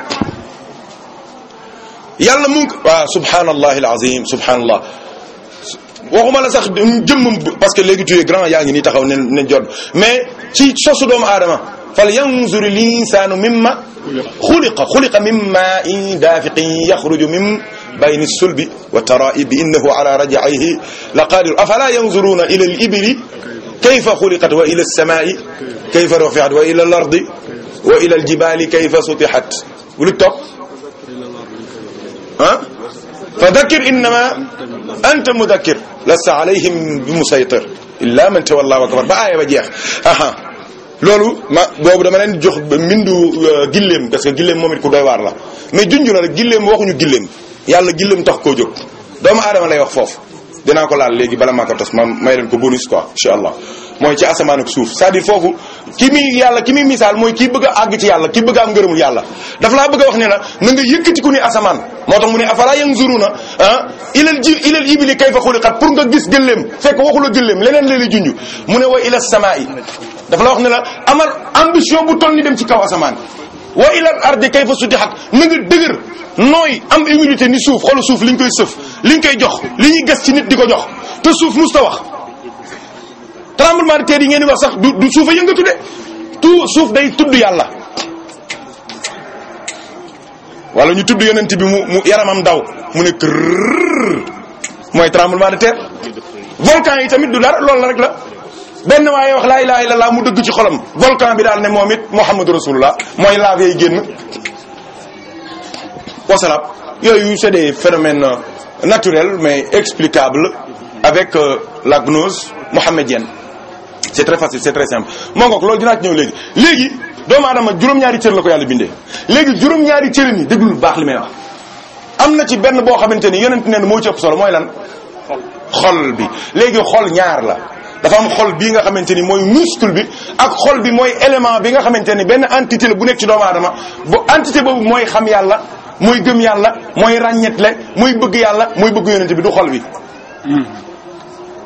yàlla mu ngi waaw subhanallahi alazim subhanallah waxuma la sax jëmmam parce que léegi tu es grand yaa ngi nii taxaw ne ne jot mais ci sosu doomu aadama fal yanzur linsaanu mimma xuliqa xuliqa mimma in daafiqin yaxruju min bayni sulbi wa taraibi innahu ala rajaihi la qadir afala yanzuruna ila al ibili kayfa xuliqat wa ila alsamaai kayfa rufiat wa ila al ardi wa ila al jibaali kayfa sutixat lu topp ah fa dakkir innama anta mudakkir lasta alayhim bi musaytir illa man tawalla wa kafar ba aaya ba jeex aha loolu ma boobu dama leen jox mbindu gilleem parce que gilleem moom it ku doy waar la mais junj na rek gilleem waxuñu gilleem yàlla gilleem tax koo jóg doomu aadama lay wax foofu dinaa ko laal léegi bala ma ko tas ma may leen ko bonus quoi incha allah mooy ci asamaan ak suuf cest à foofu ki muy yàlla ki muy misaal mooy kii bëgg a àgg ci yàlla ki bëgg a am ngërëmul yàlla daf laa bëgg wax ne na na nga yëkkatiku ni asamaan moo tax mu ne afala yanzuruna ah ilal ji ilal ibili kayfa xuliqat pour nga gis gëléem fekk waxula gëléem leneen leen la junj mu ne wa ila samaa yi dafa la wax ne la amal ambition bu toll ni dem ci kaw asamaan wa ilal ardi kayfa sutihat na nga dëgër nooy am humilité ni suuf xoolu suuf liñ koy sëf liñ koy jox li ñuy gas ci nit di ko jox te suuf mus ta wax tremblement de terre yi ngeen di wax sax du du suuf a yëngatu de tout suuf day tudd yàlla wala ñu tudd yonent bi mu mu yaramam daw mu ne kër mooy tremblement de terre volcan yi tamit du dara loolu rek la benn waaye wax laa ilaha illallah mu dëgg ci xolam volcan bi daal ne moom it Muhammadu Rasulullah mooy laa yi génn wasalaam yooyu c'est des phénomènes euh, naturels mais explicables avec euh, la gnose mohammedienne c'est très facile c'est très simple moo ngook loolu dinaa ci ñëw léegi léegi doomu aadama juróom-ñaari cër la ko yàlla bindee léegi juróom-ñaari cër ni déglul baax li may wax am na ci benn boo xamante ni yonent neen moo ci ëpp solo mooy lan xol bi léegi xol ñaar la dafa am xol bii nga xamante ni mooy muscle bi ak xol bi mooy élément bi nga xamante ni benn entité la bu nekk ci doomu adama bu entité boobu mooy xam yàlla mooy gëm yàlla mooy le mooy bëgg yàlla mooy bëgg yonente bi du xol bi. Hmm.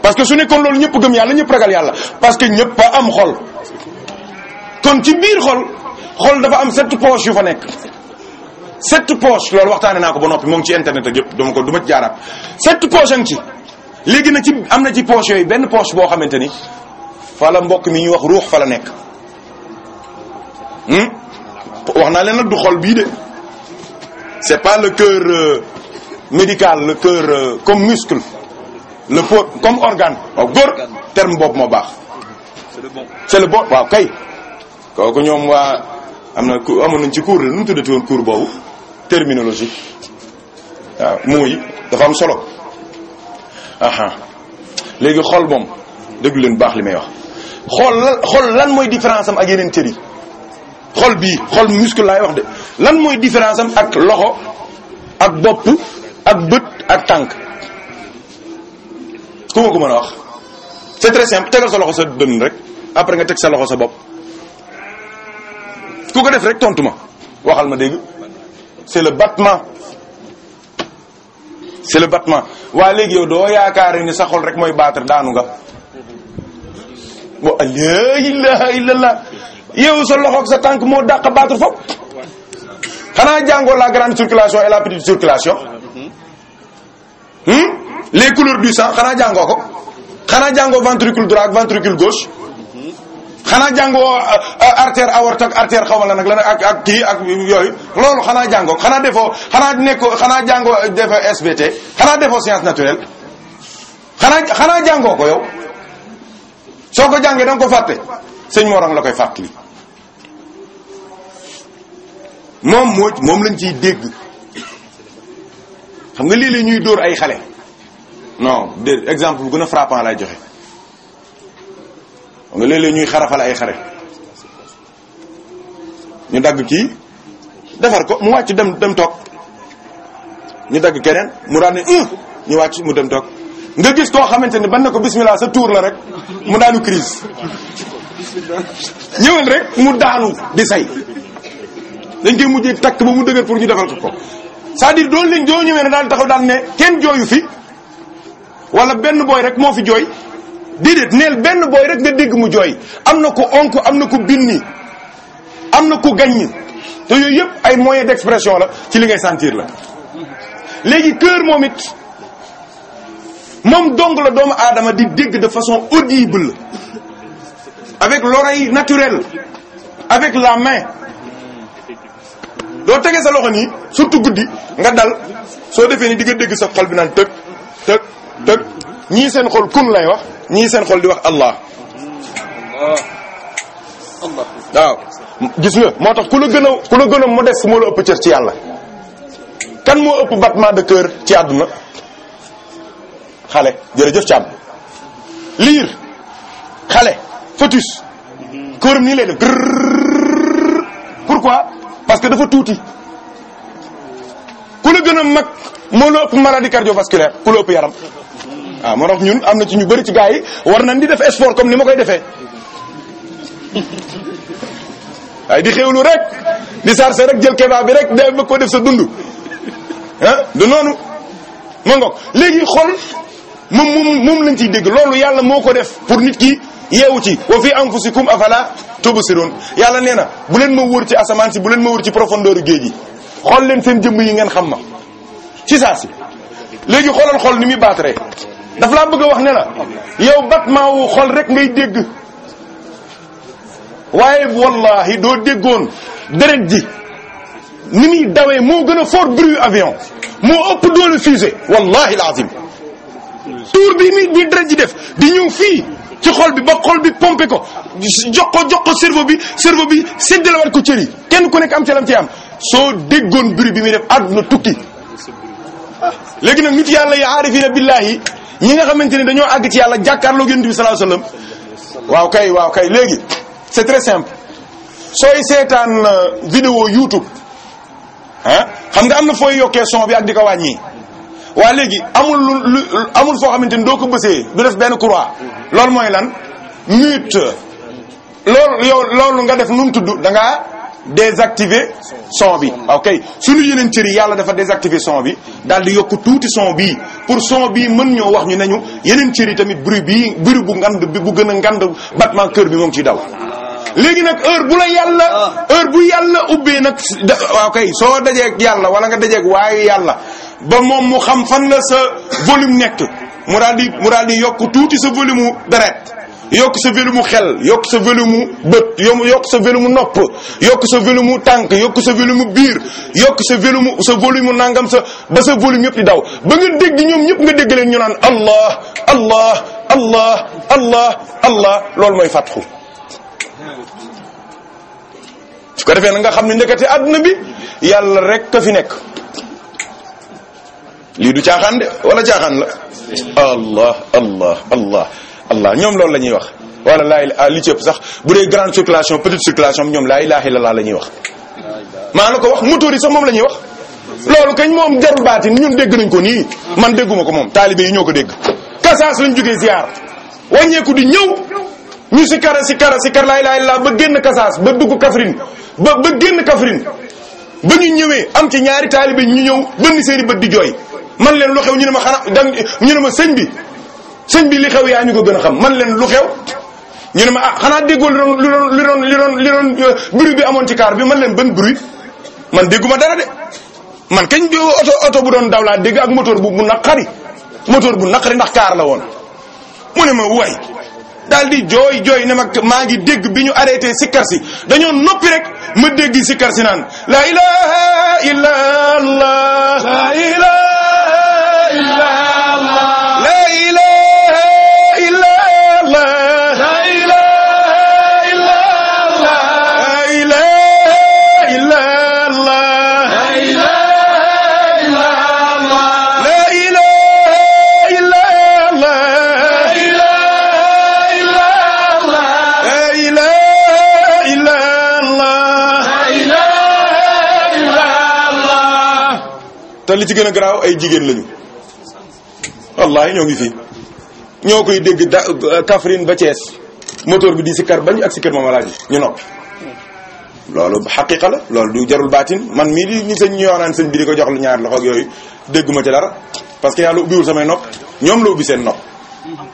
parce que su nekkoon loolu ñëpp gëm yàlla ñëpp ragal yàlla parce que ñëpp a am xol kon ci biir xol xol dafa am sept poches yu fa nekk. sept poches loolu waxtaane naa ko ba noppi moom ci internet ak yëpp dama ko du ma ci jaaraat sept poches ci. léegi nag ci am na ci poche yooyu benn poche boo xamante ni fala mbokk mi ñu wax ruux fa la nekk hmm? wax naa leen nag du xol bii de c'est pas le cœur euh, médical la cœur euh, comme muscle le pot comme organe waaw góor terme boobu moo baax c'est le bon waaw kay kooku ñoom waa am na ku amoon nañ ci cours de nu mu tuddati woon boobu terminologie waaw mooy dafa am solo aha léegi xol moom déglu leen baax li may wax xol lan xol lan mooy différence am ak yeneen cër yi xol bii xol muscle laay wax de lan mooy différence am ak loxo ak bopp ak bët ak tànk ku ma ko mën a wax c'est très simple tegal sa loxo sa dënn rek après nga teg sa loxo sa bopp ku ko def rek tontu waxal ma dégg c'est le battement c'est le battement waa léegi yow sa xol rek mooy battre daanu nga wa la ilaha illallah yow sa sa tànk moo dàq battre fop xanaa jàngoo la grande circulation et la petite circulation hmm? les couleurs du sang xanaa jàngoo ko xanaa jàngoo ventricule droit ak ventricule gauche xanaa jàngoo euh, euh, artère aortique ak artère xaw ma la nag lan ak ak kii ak yooyu loolu xanaa jàngoo xanaa defoo xanaa nekkoo xanaa jàngoo euh, defoo SVT xanaa defoo science naturelle xanaa xanaa jàngoo ko yow soo ko jàngee da nga ko fàtte sëñ Morang la koy fàttali moom moo moom lañ ciy dégg xam nga léeg-léeg ñuy dóor ay xale non de exemple bu gën a frappant lay joxe. nga léeg-léeg ñuy xarafal ay xare ñu dagg kii defar ko mu wàcc dem dem toog ñu dagg keneen mu daan ne ñu wàcc mu dem toog nga gis koo xamante ni ban na ko bismillah sa tour la rek mu daanu crise ñëwal rek mu daanu di say dañ koy mujjee takk ba mu dëgër pour ñu defal ko ko c'est-à-dire leen doo ñëwee ne daal taxaw daal ne kenn jooyu fi wala benn booy rek moo fi jooy déedéet neel benn booy rek nga dégg mu jooy am na ko onk am na ko binni am na ko gaññ te yooyu yëpp ay moyen d'expression la ci li ngay sentir la léegi cœur moom it moom dong la doomu aadama di dégg de façon audible avec l'oreille naturelle avec la main doo tege sa loxo nii surtout guddi nga dal soo defee ni di nga dégg sa xol bi naan tëg tëg tëg ñii seen xol kun lay wax ñii seen xol di wax allah waaw gis nga moo tax ku la gën a ku la gën a modeste moo la ëpp cër ci yàlla kan moo ëpp battement de cœur ci àdduna xale jërëjëf càmm liir xale fœtus këram nii lay def pourquoi parce que dafa tuuti ku la gën a mag moo la ëpp maladie cardiovasculaire ku la ëpp yaram waaw ah, moo tax ñun am na ci ñu bari ci gars yi war nañ di def sport comme ni ma koy defee waaye di xéwlu rek di sarse rek jël kebab bi rek day ba ko def sa dund ah du noonu ma ngoog léegi xol moom moom moom lañ ciy dégg loolu yàlla moo ko def pour nit ki yeewu ci wa fi anfusikum afala tubsirun yàlla nee na bu leen ma wóor ci asamaan si bu leen ma wóor ci profondeur géej gi xool leen seen jëmm yi ngeen xam ma ci saa si léegi xoolal xool ni muy baateree daf laa bëgg a wax ne la yow battement wu xol rek ngay dégg waaye wallahi doo déggoon deret ji ni muy dawee moo gën a fort bruit avion moo ëpp doole fusée wallahi lazim tour bi mi deret ji def di ñëw fi ci xol bi ba xol bi pompé ko jox ko jox ko cerveau bi cerveau bi séddalewaat ko cër kenn ku nekk am ca lam ci am soo déggoon bruit bi muy def àdduna tukki léegi nag nit yàlla yi aarifina billahi ñi nga xamante ni dañoo àgg ci yàlla jàkkaarloo yonent bi sallallahu alayhi wasallam waaw kay waaw kay léegi c'est très simple sooy seetaan euh, vidéo YouTube xam nga am na fooy yokkee son bi ak di ko wàññi waa léegi amul lu amul foo xamante ni doo ko bësee du def benn croix loolu mooy lan mute loolu yow loolu nga def nu mu tudd da désactiver son bi ok suñu yeneen cër yi yàlla dafa désactiver son bi daal di yokk tuuti son bii pour son bi mën ñoo wax ñu ne ñu yeneen cër yi tamit bruit bii buri bu ngande bi bu gën a ngand battement cœur bi moo ngi ciy daw. léegi nag heure bu la yàlla heure bu yàlla ubbee nag ok soo dajeeg yàlla wala nga dajeeg waayu yàlla ba moom mu xam fan la sa volume nekk mu daal di mu daal di yokk tuuti sa volume deret yokk sa velu mu xel yokk sa velu mu bët yokk sa velu mu nopp yokk sa velu mu tànk yokk sa velu mu biir yokk sa velu mu sa volume mu nangam sa ba sa volume yëpp di daw ba nga dégg ñoom ñëpp nga dégg leen ñu naan allah allah allah allah allah loolu mooy fatxu su ko defee na nga xam ne ndekete àdduna bi yàlla rek ka fi nekk lii du caaxaan wala caaxaan la allah allah allah allah ñoom loolu la ñuy wax wala laa ah, li ci ëpp sax bu dee grande circulation petite circulation ñoom laa ilaha illallah la ñuy wax maa na ko wax moteur sax moom la ñuy wax loolu kañ moom jarul baatin ñun dégg nañ ko nii man dégguma ko moom taalibe yi ñoo ko dégg kasaas lañ jógee ziar wàññeeku di ñëw ñu si kara si kara si kar laa ilaha illallah ba génn kasaas ba dugg Kaffrine ba ba génn Kaffrine ba ñu ñëwee am ci ñaari taalibe ñu ñëw bënn seeni bët di jooy man leen lu ñu ne ma xanaa ñu ne ma sëñ bi sëñ bi li xew yaa ñu ko gën a xam man leen lu xew ñu ne ma a ah, xanaa déggoo li doon li doon li doon euh, bruit bi amoon ci car bi man leen ban bruit man dégguma dara de man kañ bi oto oto bu doon daw laa dégg ak moteur bu bu naqari moteur bu naqari ndax car la woon mu ne ma way daal di jooy jooy ne ma maa ngi dégg bi ñu arrêté si si dañoo noppi rek ma dégg sikkar si naan la ilaha illa allah li ci gën a garaaw ay jigéen lañu wallaahi ñoo ngi fi ñoo koy dégg da Kaffrine ba Thiès moteur bi di si kar bañ ak si kër Mama Laaji ñu noppi. loolu xaqiqa la loolu du jarul baatin man mii di ñu sëñ ñu yoonaan sëñ bi di ko jox lu ñaar loxo ak yooyu dégguma ci dara parce que yàlla ubbiwul samay nopp ñoom la ubbi seen nopp.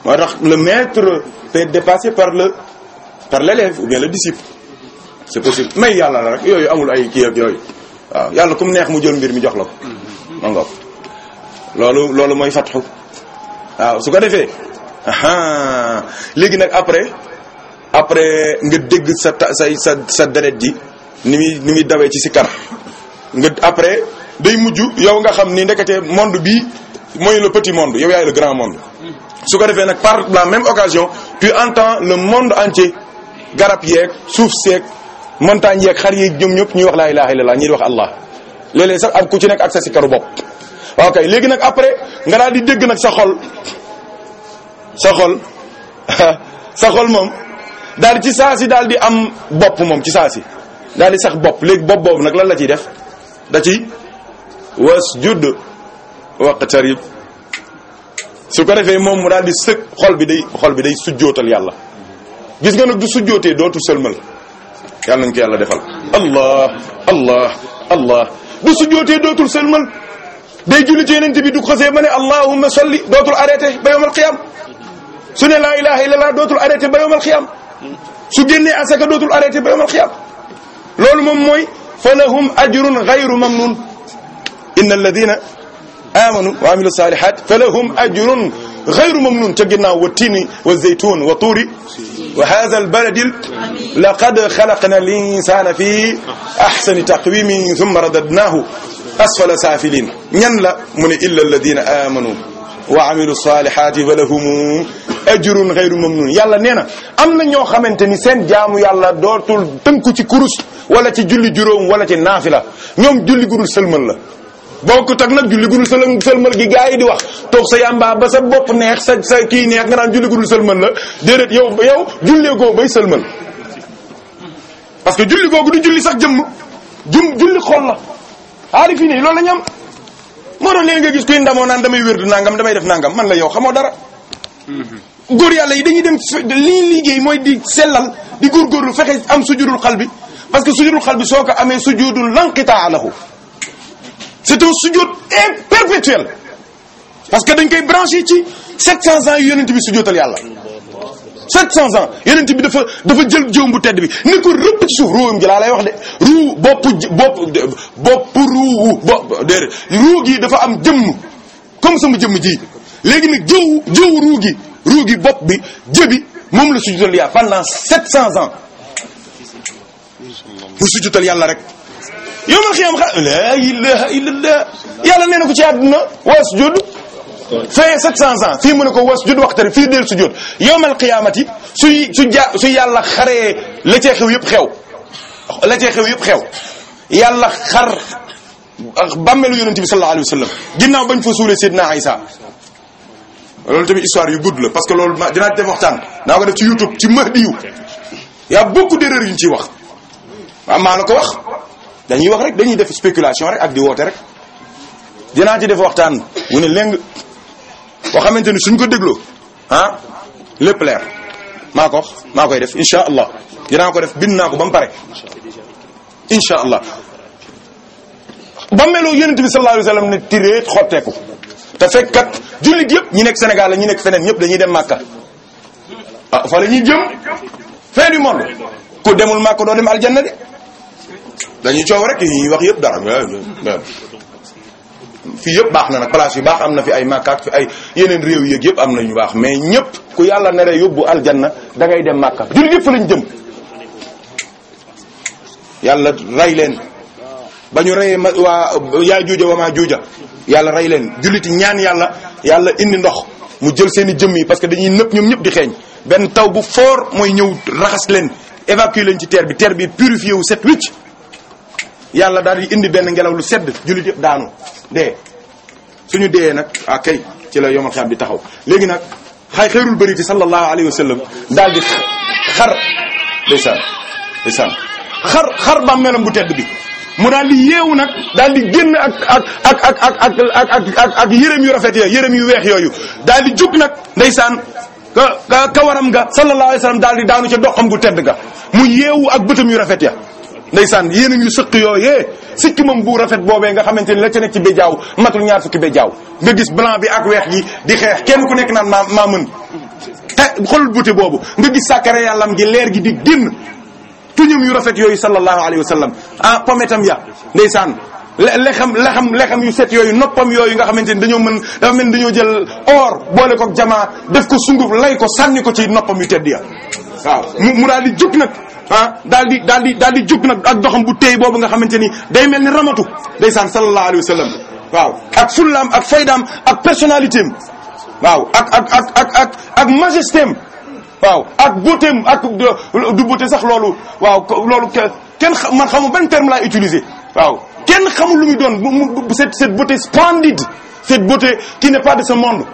moo tax la maître peut être dépassé par le par l'élève ou bien le disciple c'est possible may yàlla la rek yooyu amul ay kii ak yooyu waaw neex mu jël mbir mi jox la ma ngoog loolu loolu mooy fatxu waaw su ko defee léegi nag après après nga dégg sa say sa sa deret ji ni muy ni muy dawee ci si sikar nga après day mujj yow nga xam ni ndekete monde bi mooy le petit monde yow yaay le grand monde su ko defee nag par la même occasion en temps le monde entier garab yeeg suuf seeg montagne yeeg xar yeeg ñoom ñëpp ñuy wax laa la illallah ñuy wax allah léeg sax am ku ci nekk ak sa sikaru bopp ok léegi nag après nga daal di dégg nag sa xol sa xol sa xol moom daal di ci saa si daal di am bopp moom ci saa si daal di sax bopp léegi bopp boobu nag lan la ciy def da ci wasjud waqtarib su ko defee moom mu daal di sëg xol bi day xol bi day sujjootal yàlla gis nga ne du sujjootee dootu sëlmal yàlla nañ ko yàlla defal allah allah allah bu sujjootee dootul sëlmal day julli ci yonent bi du xasee ma ne allahumma salli dootul arrêté ba yowmal qiyam su ne laa ilaha illallah dootul arrêté ba yowmal qiyam su génnee asaka dootul arrêté ba yowmal qiyam loolu moom mooy fa lahum ajrun gayru mamnun inna alladina amanu wa amilu salihat fa lahum ajrun غير ممنون تجدنا والتين والزيتون وطور وهذا البلد لقد خلقنا الإنسان في أحسن تقويم ثم رددناه أسفل سافلين ينلا من إلا الذين آمنوا وعملوا الصالحات فلهم ajrun ghayru mamnun yàlla nee na am na ñoo xamante ni seen jaamu yàlla dootul tënku ci kurus wala ci julli juróom wala ci naafila ñoom julli gurul sëlmal la boo ko ak nag julli gudul sëlmal gi gaa yi di wax toog sa yàmbaa ba sa bopp neex sa sa kii neex nga naan julli gudul sëlmal la déedéet yow yow julleekoo bay sëlmal parce que julli googu du julli sax jëmm jum julli xol la aarifi nii loolu la am moo doon léegi nga gis kuy ndamoo naan damay wérdu nangam damay def nangam man la yow xamoo dara góor yàlla yi dañuy dem li liggéey mooy di sellal di góor góor góorgóorlu fexe am sujudul xal bi parce que sujudul xal bi soo ko amee sujudul lanqitaa lahu c'est un sujjóot perpétuel parce que dañ koy branché ci 700 ans yu yonent bi sujjóotal yàlla. 700 ans yonent bi dafa dafa jël jëwum bu tedd bi ni ko rëpp ci suuf ruuwam gi laa lay wax de ruu bopp bopp bopp ruuwu bopp déedéet dafa am jëmm comme sama jëmm ji léegi nag jëw jëw ruu gi gi bopp bi jëbi moom la sujjóotal yàlla pendant 700 ans mu sujjóotal yàlla rek. yowmal xiyaam xa la ilaha illallah yàlla nee na ko ci àdduna wasjud fee 700 ans fii mu ne ko wasjud waxtari fii del sujud yowmal qiyaamati suy su ja su yàlla xaree la cee xew yëpp xew la xew yëpp xew yàlla xar bàmmeelu yonent bi sallallahu alayhi wa sallam ginnaaw bañ fa suulee Seydina Isa loolu tamit histoire yu gudd la parce que loolu dinaa def waxtaan naa ko def ci YouTube ci Mahdi yu y a beaucoup yu ñu ciy wax maa la ko wax dañuy wax rek dañuy def spéculation rek ak di woote rek dinaa ci def waxtaan wu ne léng boo xamante ni suñ ko dégloo ah lépp leer maa ko maa koy def incha allah dinaa ko def bind naa ko ba mu pare incha allah ba meloo yonent bi sallallahu alayhi ne tiréet xotteeku te fekk kat jullit yëpp ñi nekk Sénégal la ñi nekk feneen ñëpp dañuy dem Màkka ah fa ñuy jëm fin du monde ku demul Màkka doo dem aljanna de dañuy coow rek yi wax yëpp dara fii yëpp baax na nag place yu baax am na fi ay Makka ak fi ay yeneen réew yëg yëpp am na ñu baax mais ñëpp ku yàlla nere yóbbu aljanna da ngay dem Makka jullit yëpp fa lañ jëm yàlla rey leen ba ñu reyee waa yaa juuja wa juuja yàlla rey leen julliti ñaan yàlla yàlla indi ndox mu jël seen i jëmm yi parce que dañuy nëpp ñoom ñëpp di xeeñ benn taw bu foor mooy ñëw raxas leen évacuer leen ci terre bi teer bi purifié wu set wicc yàlla daal di indi benn ngelaw lu sedd jullit yëpp daanu dee ñu dee nag ah kay ci la yomal xam di taxaw léegi nag xay xeyrul bëri ci sallallahu alayhi wa sallam daal di xar ndeysaan ndeysaan bu tedd bi mu daal di yeewu nag daal di génn ak ak ak ak ak ak yërëm yu rafet yooyu yërëm yu weex yooyu daal di jug nag ndeysaan ka ka waram nga sallallahu alayhi wa sallam daal di daanu ca doqam gu tedd nga mu yeewu ak bëtam yu rafet ya ndeysaan yéen a ñu sëq yooyee sikki moom bu rafet boobee nga xamante ni la ca nekk ci béjaaw matul ñaar fukki béjaaw nga gis blanc bi ak weex gi di xeex kenn ku nekk naan maa maa mën te xolul buté boobu nga gis sàkkare am gi leer gi di génn tuñum yu rafet yooyu sallallahu alayhi wa sallam ah pometam ya ndeysaan lexam lexam lexam yu set yooyu noppam yooyu nga xamante ni dañoo mën dafa mel dañoo jël oor boole ko jamaa def ko sunguf lay ko sànni ko ci noppam yu tedd waaw mu daal di jug nag ah daal di daal di daal di jug nag ak doxam bu téy boobu nga xamante ni day mel ni ramatu ndeysaan sallallahu alayhi wa sallam waaw ak fullaam ak faydaam ak personnalité waaw ak ak ak ak ak waaw ak beauté am ak du beauté sax loolu waaw loolu kenn man xamul ban terme laay utiliser waaw kenn xamul lu muy doon mu cette cette beauté splendide cette beauté qui n'est pas de ce monde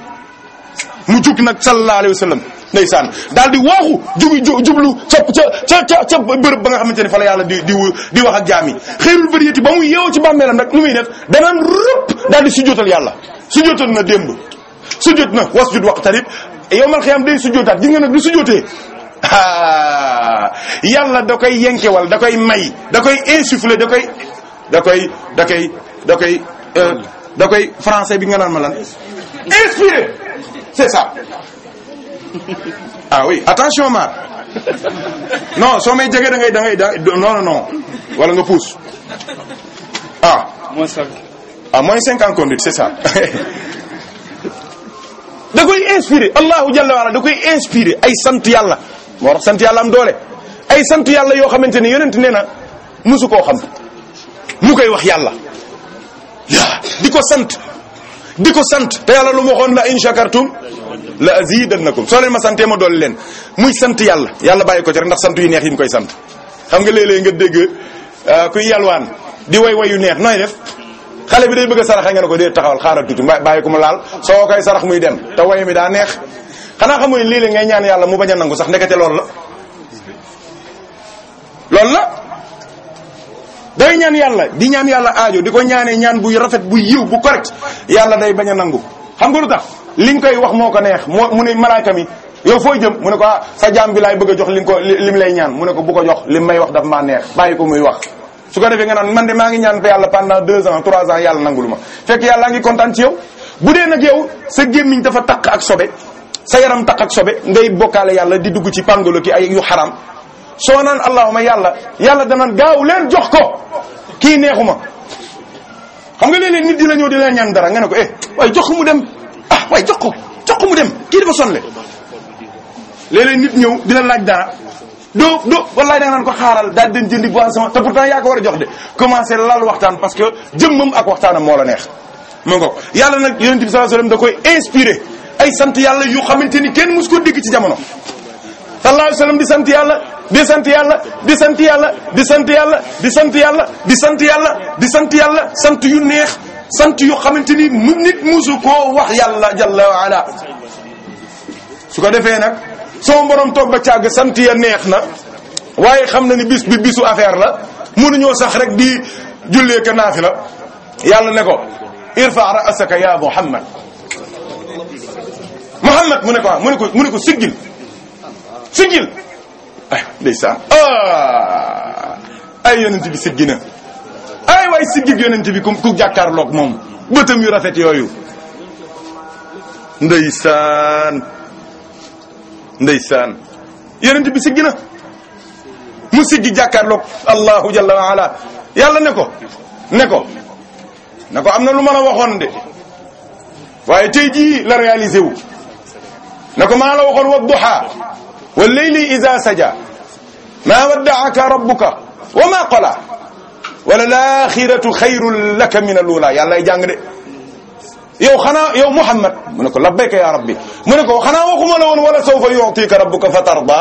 mu jug nag sallallahu alayhi wa ndeysaan daal di waaxu jub jublu ca ca ca ca bërëb ba nga xamante ne fa la yàlla di di di wax ak jaam yi xëyrul ba mu yeewoo ci bàmmeelam rek lu muy def danaan rëpp dal di sujjootal yàlla sujjootal na démb sujjoot na wasjud waqtarib yowmal xiyaam day sujjootaat gis nga nag du sujjootee ah yàlla da koy yenkewal da koy may da koy insufflé da koy da koy da koy da koy euh, da koy français bi nga naan ma lan inspiré c'est ça ah oui attention ma non soo may jege da ngay da ngay da non non non wala nga pousse ah. moins cinq. ah moins cinq en c'est ça. da koy inspiré Allahu jalla wala da koy inspiré ay sant yàlla moo tax sant yàlla am doole ay sant yàlla yoo xamante ne yonent nee na musu koo xam mu koy wax yàlla yaa di ko sant. di ko sant te yàlla lu mu waxoon la in shakartum la ko soo leen ma santee ma dool leen muy sant yàlla yàlla bàyyi ko ci rek ndax sant yu neex yi mu koy sant xam nga léeg nga dégg ah, kuy yalwaan di way way yu neex nooy def xale bi day bëgg a sarax nga ne ko dee taxawal xaaral tuuti bàyyi ko mu laal soo koy sarax muy dem te way mi daa neex xanaa xamu ne lii ngay ñaan yàlla mu bañ a nangu sax ndekete loolu la loolu la day ñaan yàlla di ñaan yàlla aajo di ko ñaanee ñaan bu rafet bu yiw bu correct yàlla day bañ a nangu xam nga lu tax li nga koy wax moo ko neex moo mu ne malaaka mi yow foo jëm mu ne ko ah sa jaam bi laay bëgg a jox li nga ko lim lay ñaan mu ne ko bu ko jox lim may wax daf maa neex bàyyi ko muy wax su ko defee nga naan man de maa ngi ñaan fa yàlla pendant deux ans trois ans yàlla nangu lu ma fekk yàlla ngi kontaan ci yow bu dee nag yow sa gémmiñ dafa taq ak sobe sa yaram taq ak sobe ngay bokkaale yàlla di dugg ci pangolo ki ay xaram soo naan allahuma yàlla yàlla danaan gaaw leen jox ko kii neexuma xam nga léeg nit di la ñëw di la ñaan dara nga ne ko eh waaye jox ko mu dem ah waaye jox ko jox ko mu dem kii dafa sonle léeg-léeg nit ñëw di la laaj dara doo doo wallaay da naan ko xaaral daal den jëndi boisson te pourtant yaa ko war a jox de commencé laal waxtaan parce que jëmmam ak waxtaanam moo la neex mu ngi ko yàlla nag yonent bi sallallahu alayhi wasallam da koy inspiré ay sant yàlla yu xamante ni kenn mus dégg ci jamono di sant yàlla di sant yàlla di sant yàlla di sant yàlla di sant yàlla di sant yàlla di sant yàlla sant yu neex sant yu xamante ni mu nit musu koo wax yàlla jalla wa ala su ko defee nag sama borom toog ba càgg sant ya neex na waaye xam na ni bis bi bisu affaire la mu mënuñoo sax rek di jullee ka naafi la yàlla ne ko irfa raasaka ya muhammad muhammad mu ne ah, mu ne ko mu ne ko siggil siggil ah ndeysaan ah ay yonent bi siggi na ay waay siggig yonent bi ku moom bëtam yu rafet yooyu ndeysaan ndeysaan yonent bi siggi na mu siggi jàkkaarloog allahu jalla wa ala yàlla ne ko ne ko ne ko am na lu mën a waxoon de waaye tey jii la réalisé ne ko maa la waxoon wa duha wal layli iza saja ma waddaaka rabbuka wa ma qala wala laaxiratu xayrun laka min alula yàlla jàng de yow xanaa yow Muhammad mu ne ko labbayka ya rabbi mu ne ko xanaa waxuma la woon wala sawfa yu'tika rabbuka fatarda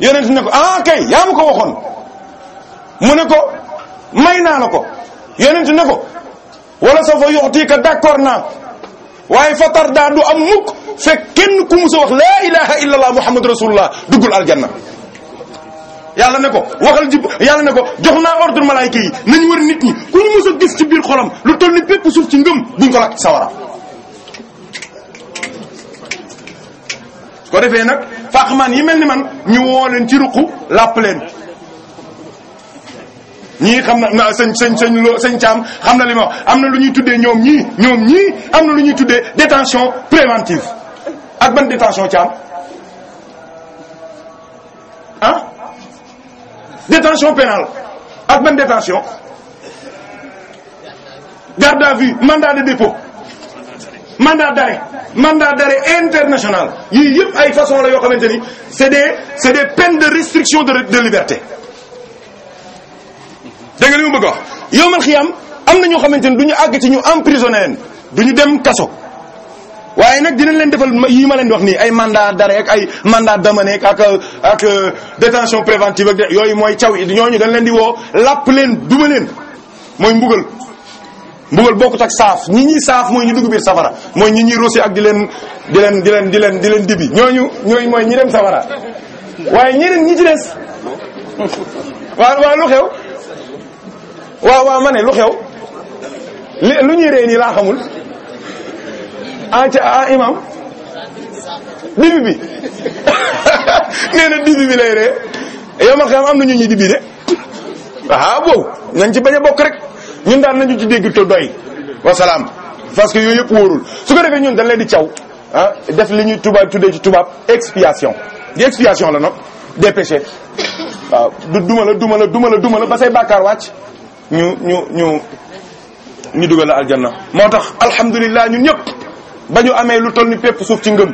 yonent ne ko ah kay yaa ma ko waxoon mu ne ko may naa la ko yonent ne ko wala sawfa yu'tika d'accord naa waaye fatar daa du am kenn ku musa wax laa ilaha illa allah muhammadu rasulullah duggul aljanna yàlla ne ko waxal ji yàlla ne ko jox naa ordre malaayka yi nañ wër nit ni ku ñu gis ci biir xolam lu toll ni bépp suuf ci ngëm buñ ko lakk sawara su ko defee nag faaxamaan yi mel ni man ñu woo leen ci ruqu làpp leen ñii xam na sëñ sëñ sëñ loo sëñ Thiam xam na li ma am na lu ñuy tuddee ñoom ñii ñoom ñi am na lu ñuy tuddee détention préventive ak ban détention Thiam ah détention pénale ak ban détention garde à vue mandat de dépôt mandat d'arrêt mandat d'arrêt international yii yëpp ay façon la yoo xamante ni c'est des c'est des peines de restriction de de liberté dégg nga li ma bëgg wax yowmal xiyaam am na ñoo xamante ne du ñu àgg ci ñu emprisonné leen du ñu dem kaso waaye nag dinañ leen defal yii ma leen di wax nii ay mandat d'arrêt ak ay mandat d'amener ak ak euh, détention préventive ak yooyu mooy caw yi ñooñu dañ leen di woo làpp leen duma leen mooy mbugal mbugal bokkut ak saaf ñi ñuy saaf mooy ñu dugg safara mooy ñi ñuy rosi ak di leen di leen di leen di leen di leen dibi ñooñu ñooñu mooy ñi dem safara waaye ñeneen ñi ci des waaw waaw waaw mane ne lu xew li lu ñuy ree nii laa xamul ah ca ah, imam dibi bi nee dibi bi lay ree yow ma xam am na ñu ñuy dibi de ah boobu nañ ci bañ a bokk rek ñun daan nañu ci dégg to doy wasalaam parce que yooyu yëpp wóorul su ko defee ñun dañ leen di caw ah def li ñuy tubaab tuddee ci tubaab expiation di expiation la nag des péchés waaw ah, du duma la duma la duma la duma ba say bàkkaar wàcc ñu ñu ñu ñu dugal la aljanna moo tax alhamdulilah ñun ñëpp ba ñu amee lu toll ni pépp suuf ci ngëm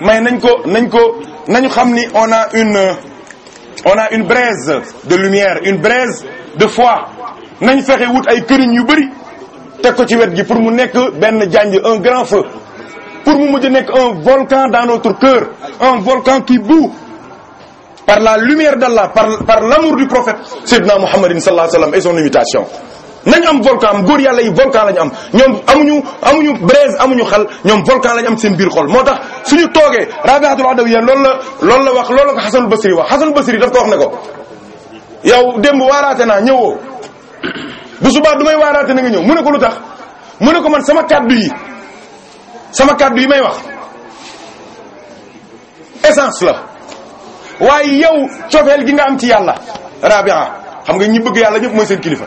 mais nañ ko nañ ko nañu xam ni on a une on une braise de lumière une braise de foi nañ fexe wut ay këriñ yu bëri teg ko ci wet gi pour mu nekk benn janj un grand feu pour mu mujj nekk un volcan dans notre cœur un volcan qui bout par la lumière d'Allah par par l'amour du prophète Seydina Muhammadin sallallahu alayhi wa sallam et son imitation nañ am volcan am góor yàlla yi volcan lañ am ñoom amuñu amuñu braise amuñu xal ñoom volcan lañ am seen biir xol moo tax suñu toogee rabiatul adawiya loolu la loolu la wax loolu la ko Xasanul Basri wax Xasanul Basri daf ko ne ko yow démb waaraate naa ñëwoo bu subaa may waaraate na nga ñëw mu ne ko lu tax mu ne ko man sama kaddu yi sama kaddu yi may wax essence la waaye yow cofeel gi nga am ci yàlla rabia xam nga ñi bëgg yàlla ñëpp mooy seen kilifa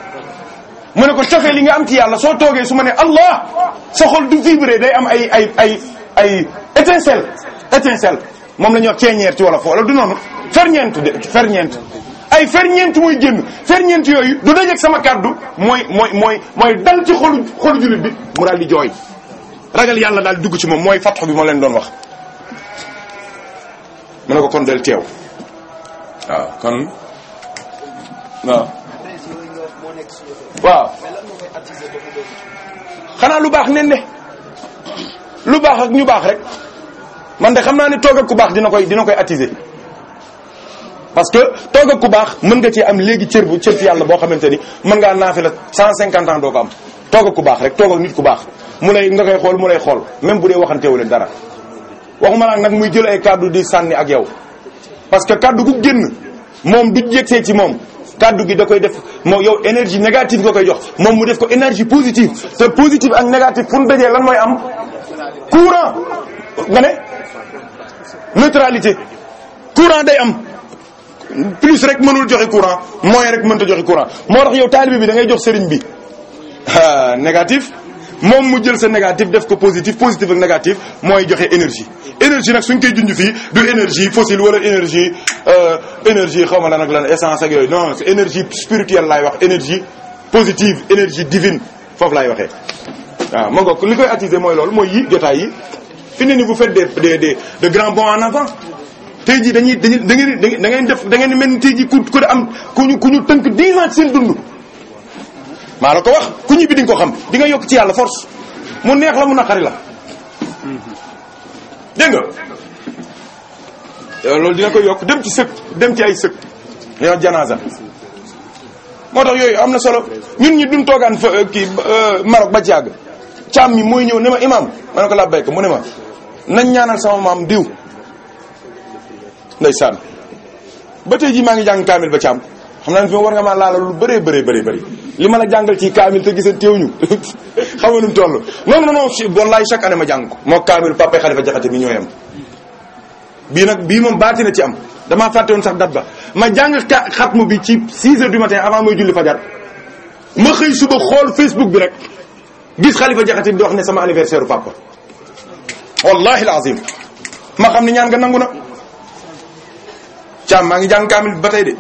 mu ne ko cofeel yi nga am ci yàlla soo toogee su ma ne allah sa xol du vibrer day am ay ay ay ay étincelle moom lañu ñuy wax ceeñeer ci wolof wala du noonu ferñeent de ferñeent ay ferñeent mooy génn ferñeent yooyu du dajeeg sama kàddu mooy mooy mooy mooy dal ci xolu xolu bi mu daal di jooy ragal yàlla daal dugg ci moom mooy fatxu bi moo leen doon wax mu ne ko kon del teew waaw ah, kon waaw. waaw. xanaa lu baax nen de lu baax ak ñu baax rek man de xam naa ne toog ak ku baax dina koy dina koy attiser parce que toog ak ku baax mën nga ci am léegi cër bu cër fi yàlla boo xamante ni mën ngaa naafi la 150 ans doo ko am toog ku baax rek toog ak nit ku baax mu lay nga koy xool mu lay xool même bu dee waxanteewu leen dara waxuma nag muy jël ay kàddu di sànni ak yow. parce que kaddu gu génn moom du yegsee ci moom kaddu gi da koy def moo yow énergie négative nga koy jox moom mu def ko énergie positive te positive ak négative fu mu dajee lan mooy am courant nga ne neutralité courant day am plus rek mënul joxe courant moins rek mënta joxe courant moo tax yow taalibe bi da ngay jox sëriñ bi ah, négatif moom mu jël sa négatif def ko positif positif ak négatif mooy joxe énergie énergie nag suñ koy junj fii du énergie fossile wala énergie euh, énergie xaw ma lan ak lan essence ak yooyu non c'est énergie spirituelle laay wax énergie positive énergie divine foofu laay waxee waaw ma ngoog li koy attiser mooy loolu mooy yi jotaay yi fi ne ni vous faites des des des de grands bonds en avant tey jii dañuy dañuy da ngeen da ngeen def da ngeen mel ni tey jii ku ku am ku ñu tënk 10 ans ci maa la ko wax ku ñibbi di nga ko xam di nga yokk ci yàlla force mu neex la mu xari la dégg nga loolu dina ko yokk dem ci sëkk dem ci ay sëkk yow janaasa moo tax yooyu am na solo ñun ñi duñ toogaan fa euh, kii euh, Maroc ba ci yàgg càmm mi mooy ñëw ne ma imaam ma ne ko laaj béykat mu ne ma nañ ñaanal sama maam diw ndeysaan ba tey jii maa ngi jàng kaamil ba càmm xam naa ne fi war nga maa laala lu bëree bëree bëri bëri. li ma la jàngal ci kaamil te gisee teewuñu xam nga nu mu toll non non non wallaay chaque année ma jàng ko moo kaamil papa Xalifa Jaxate mi ñooy am bii nag bii moom baati na ci am damaa fàtte woon sax dat ba ma jàng xatmu bi ci 6 heures du matin avant mooy julli fajar ma xëy suba xool Facebook bi rek gis Xalifa Jaxate di wax ne sama anniversaire papa wallahi alazim ma xam ne ñaan nga nangu na caam maa ngi jàng kaamil ba tey de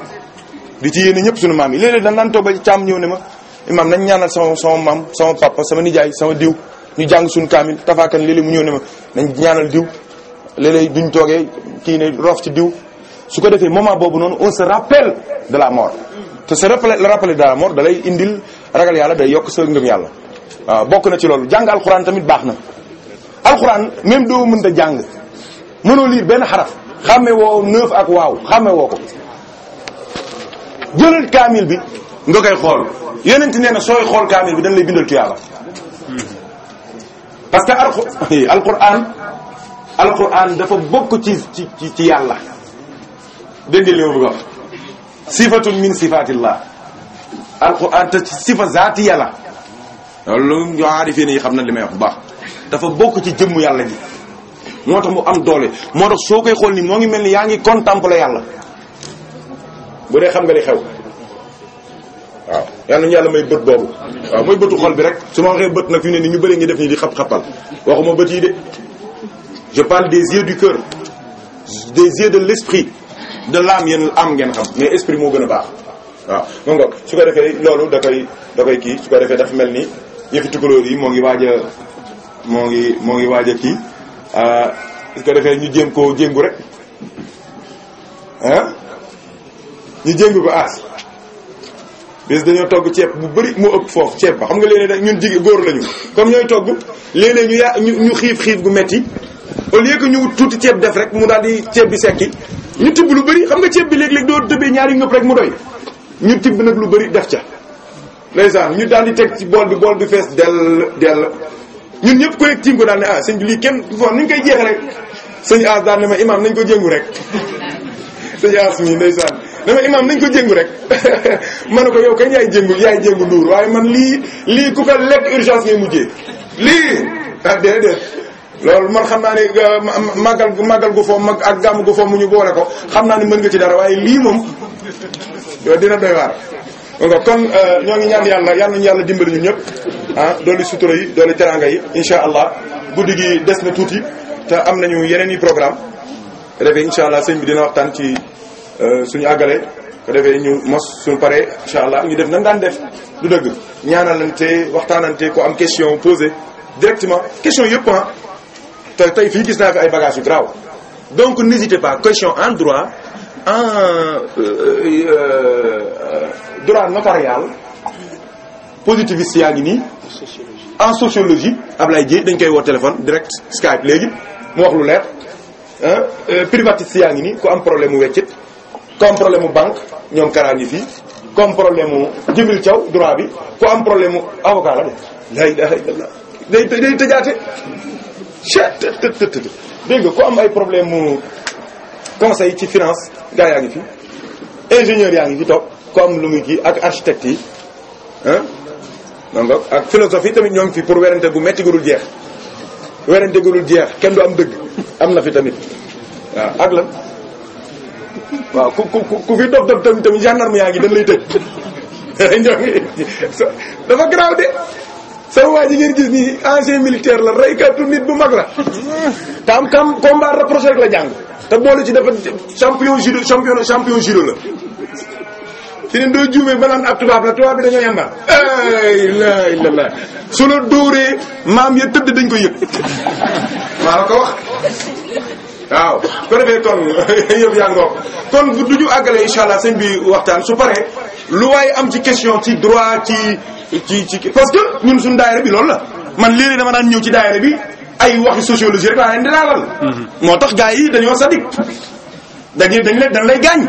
di ci yéene ñëpp suñu maam yi léeg-léeg dañ daan toog ba caam ñëw ne ma imam nañ ñaanal sama sama maam sama papa sama nijaay sama diw ñu jàng suñu kaamil tafaakan léeg-léeg mu ñëw ne ma nañ ñaanal diw léeg-léeg duñ toogee kii ne roof ci diw su ko defee moment boobu noonu on se rappelle de la mort te se rappelle rappelé de la mort da indil ragal yàlla day yokk sa ngëm yàlla waaw bokk na ci loolu jàng alxuraan tamit baax na alxuraan même doo mënta jàng mënoo lire benn xaraf xàmme waaw xàmme woo ko jëlal kaamil bi nga koy xool yeneen ti nee na sooy xool kaamil bi dañ lay bindal tuyaaba parce que al alquran alquran dafa bokk ci ci ci yàlla dégg nga li ma bëgg a wax sifatun min sifatillah alquran te sifa zaati yàlla loolu ñu aarifee nii xam na li may wax bu baax dafa bokk ci jëmm yàlla ji moo tax mu am doole moo tax soo koy xool ni moo ngi mel ni yaa ngi contempler yàlla bu dee xam nga di xew waaw yal nañu yàlla may bët boobu waaw mooy bëtu xol bi rek su ma waxee bët nag fi ne ni ñu bëri ngi def ni di xap-xapal waxuma bët yi de je parle des yeux du cœur des yeux de l'esprit de l'âme yéen am ngeen xam mais esprit moo gën a baax waaw moom nga su ko defee loolu da koy kii su ko defee dafa mel ni yëfi tukulóor yi moo ngi waaj moo ngi moo ngi waaja a kii euh, su ko defee ñu jéem koo jéngu rek ñu jéng ko aas bis dañoo togg ceeb bu bari moo ëpp foofu ceeb ba xam nga léeg-léeg ñun jigéen góor lañu comme ñooy togg léeg-léeg ñu yaa ñu xiif xiif gu metti au lieu que ñu wut tuuti ceeb def rek mu daal di ceeb bi sekki ñu tibb lu bari xam nga ceeb bi léeg-léeg doo tëbbee ñaari ngëpp rek mu doy ñu tibb nag lu bëri def ca ndeysaan ñu daal di teg ci bool bi bool bi fees dell dell ñun ñëpp ko rek tiim ko daal ne ah sëñ bi lii kenn foofu ni ñu koy jeex rek sëñ aas daal ma imaam nañ ko jéngu rek sëñ aas mi ndeysaan dama imaam nañ ko jëngu rek ma ne ko yow kañ yaay jëngu yaay jëngu nduur waaye man lii lii ku ko lekk urgence ngay mujjee lii ah déedéet loolu man xam naa ne euh, màggal màggal gu foom ak gàmm gu foom mu ñu boole ko xam naa ne mën nga ci dara waaye lii moom dina doy waar nga kon euh, ñoo ngi ñaan yàlla yàlla nañu yàlla dimbali ñun ñëpp ah dooli sutura yi dooli teranga yi incha allah guddi gi des na tuuti te am nañu yeneen i programme rek incha allah sëñ bi dina waxtaan ci Euh, suñu àggale ko defee ñu mos suñu paree incha allah ñu def nan daan def du dëgg ñaanalante waxtaanante ko am question posée directement question yëpp ah te tey fii gis naa fi ay bagages yu grave donc n'hésitez pas question en droit en euh, euh, droit notarial positiviste yaa ngi nii en sociologie Ablaye Dieye dañ koy woo téléphone direct Skype léegi mu wax lu leer privatiste yaa ngi nii ku am problème mu weccit comme problème mu banque ñoom karaan yi fii comme problème mu Jibril Thiaw droit bi ku am problème mu avocat la de la ilaha illallah day day tëjaate dégg nga am ay problème mu conseil ci finance gaa yaa ngi fi ingénieur yaa ngi fi toog ku am lu muy kii ak architecte yi ah donc ak philosophie tamit ñoo ngi fi pour werante gu metti gudul jeex werante gudul jeex kenn du am dëgg am na fi tamit waaw ak lan waaw ku ku ku fi dof dof tamit tamit gendarme yaa ngi dañ lay dafa garaaw de sama waa ji ngeen gis nii ancien militaire la a reykatu nit bu mag la te am kam combat rapproché rek la jàng te boole ci dafa champion judo champion champion judo la ci ne doo juumee ba naan ab tubaab la tubaab bi dañoo yàmba la ilallah su la dóoree maam ya tëdd dañ ko yëg maa ko wax waaw ko defee kon yëpp yaa ngoog kon du ñu àggale incha allah sëñ bi waxtaan su paree lu waaye am ci question ci droit ci ci ci parce que ñun suñu daayira bi loolu la man léeg-léeg dama daan ñëw ci daayira bi ay waxi sociologie rek laa leen di laalal mhm. moo tax gars yi dañoo sadik dañuy dañ lay dañ lay gaañ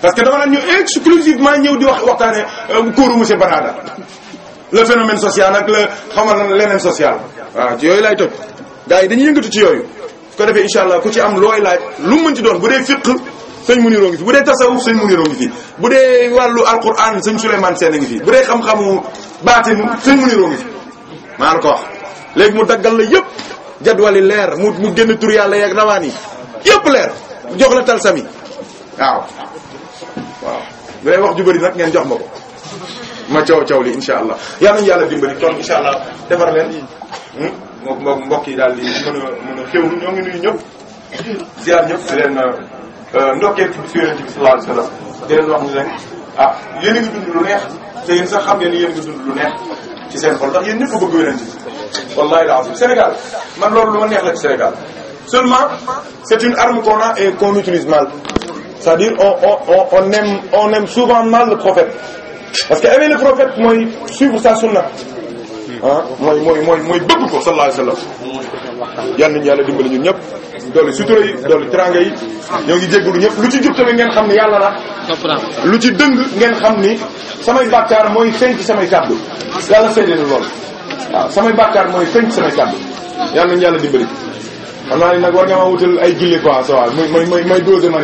parce que dama daan ñëw exclusivement ñëw di wax waxtaane euh, kóoru monsieur Barada le phénomène social ak le xamal leneen social waaw ci yooyu lay toj gars yi dañuy yëngatu ci yooyu ko defee incha allah ku ci am looy laaj lu mën ci doon bu dee fiqh sëñ Muniroo ngi fi bu dee tasawuf sëñ Muniroo ngi fi bu dee wàllu alquran sëñ Souleymane Sène ngi fi bu dee xam xam baatin sëñ Muniroo ngi fi maa la ko wax léegi mu daggal la yëpp jadwali leer mu mu génn tur yàlla yeeg rawaan yi yëpp leer jox la tal sami waaw waaw wax ju bëri nag ngeen jox ma ko li incha allah yal nañu yàlla dimbali kon incha moom moom mbokk yi daal di mën a mën a xéwlu ñoo ngi nuyu ñëpp ziar ñëpp di leen euh, ndokkeel ci yonent bi sallallahu alayhi wasallam di leen wax ni rek ah yéen a ngi dund lu neex te yéen sax xam ngeen ni yéen a ngi dund lu neex ci seen xol ndax yéen ñëpp a bëgg yonent bi wallahi laasim Sénégal man loolu lu ma neex la ci Sénégal seulement c'est une arme qu'on a et qu'on utilise mal c'est-à-dire on on on aime on aime souvent mal le prophète parce que aimer le prophète mooy suivre sa sunna ah mooy mooy mooy mooy bëgg ko sallallahu alayhi wasallam yal nañu yàlla dimbali ñun ñëpp doole sutura yi doole teraanga yi ñoo ngi jéggalu ñëpp lu ci jub tamit ngeen xam ni yàlla la lu ci dëng ngeen xam ni samay bàkkaar mooy feeñ ci samay kàddu yàlla seede na lool waaw samay bàkkaar mooy feeñ ci samay kàddu yal nañu yàlla dimbali xam naa ni nag war nga ma wutal ay gille quoi ça va mooy mooy mooy man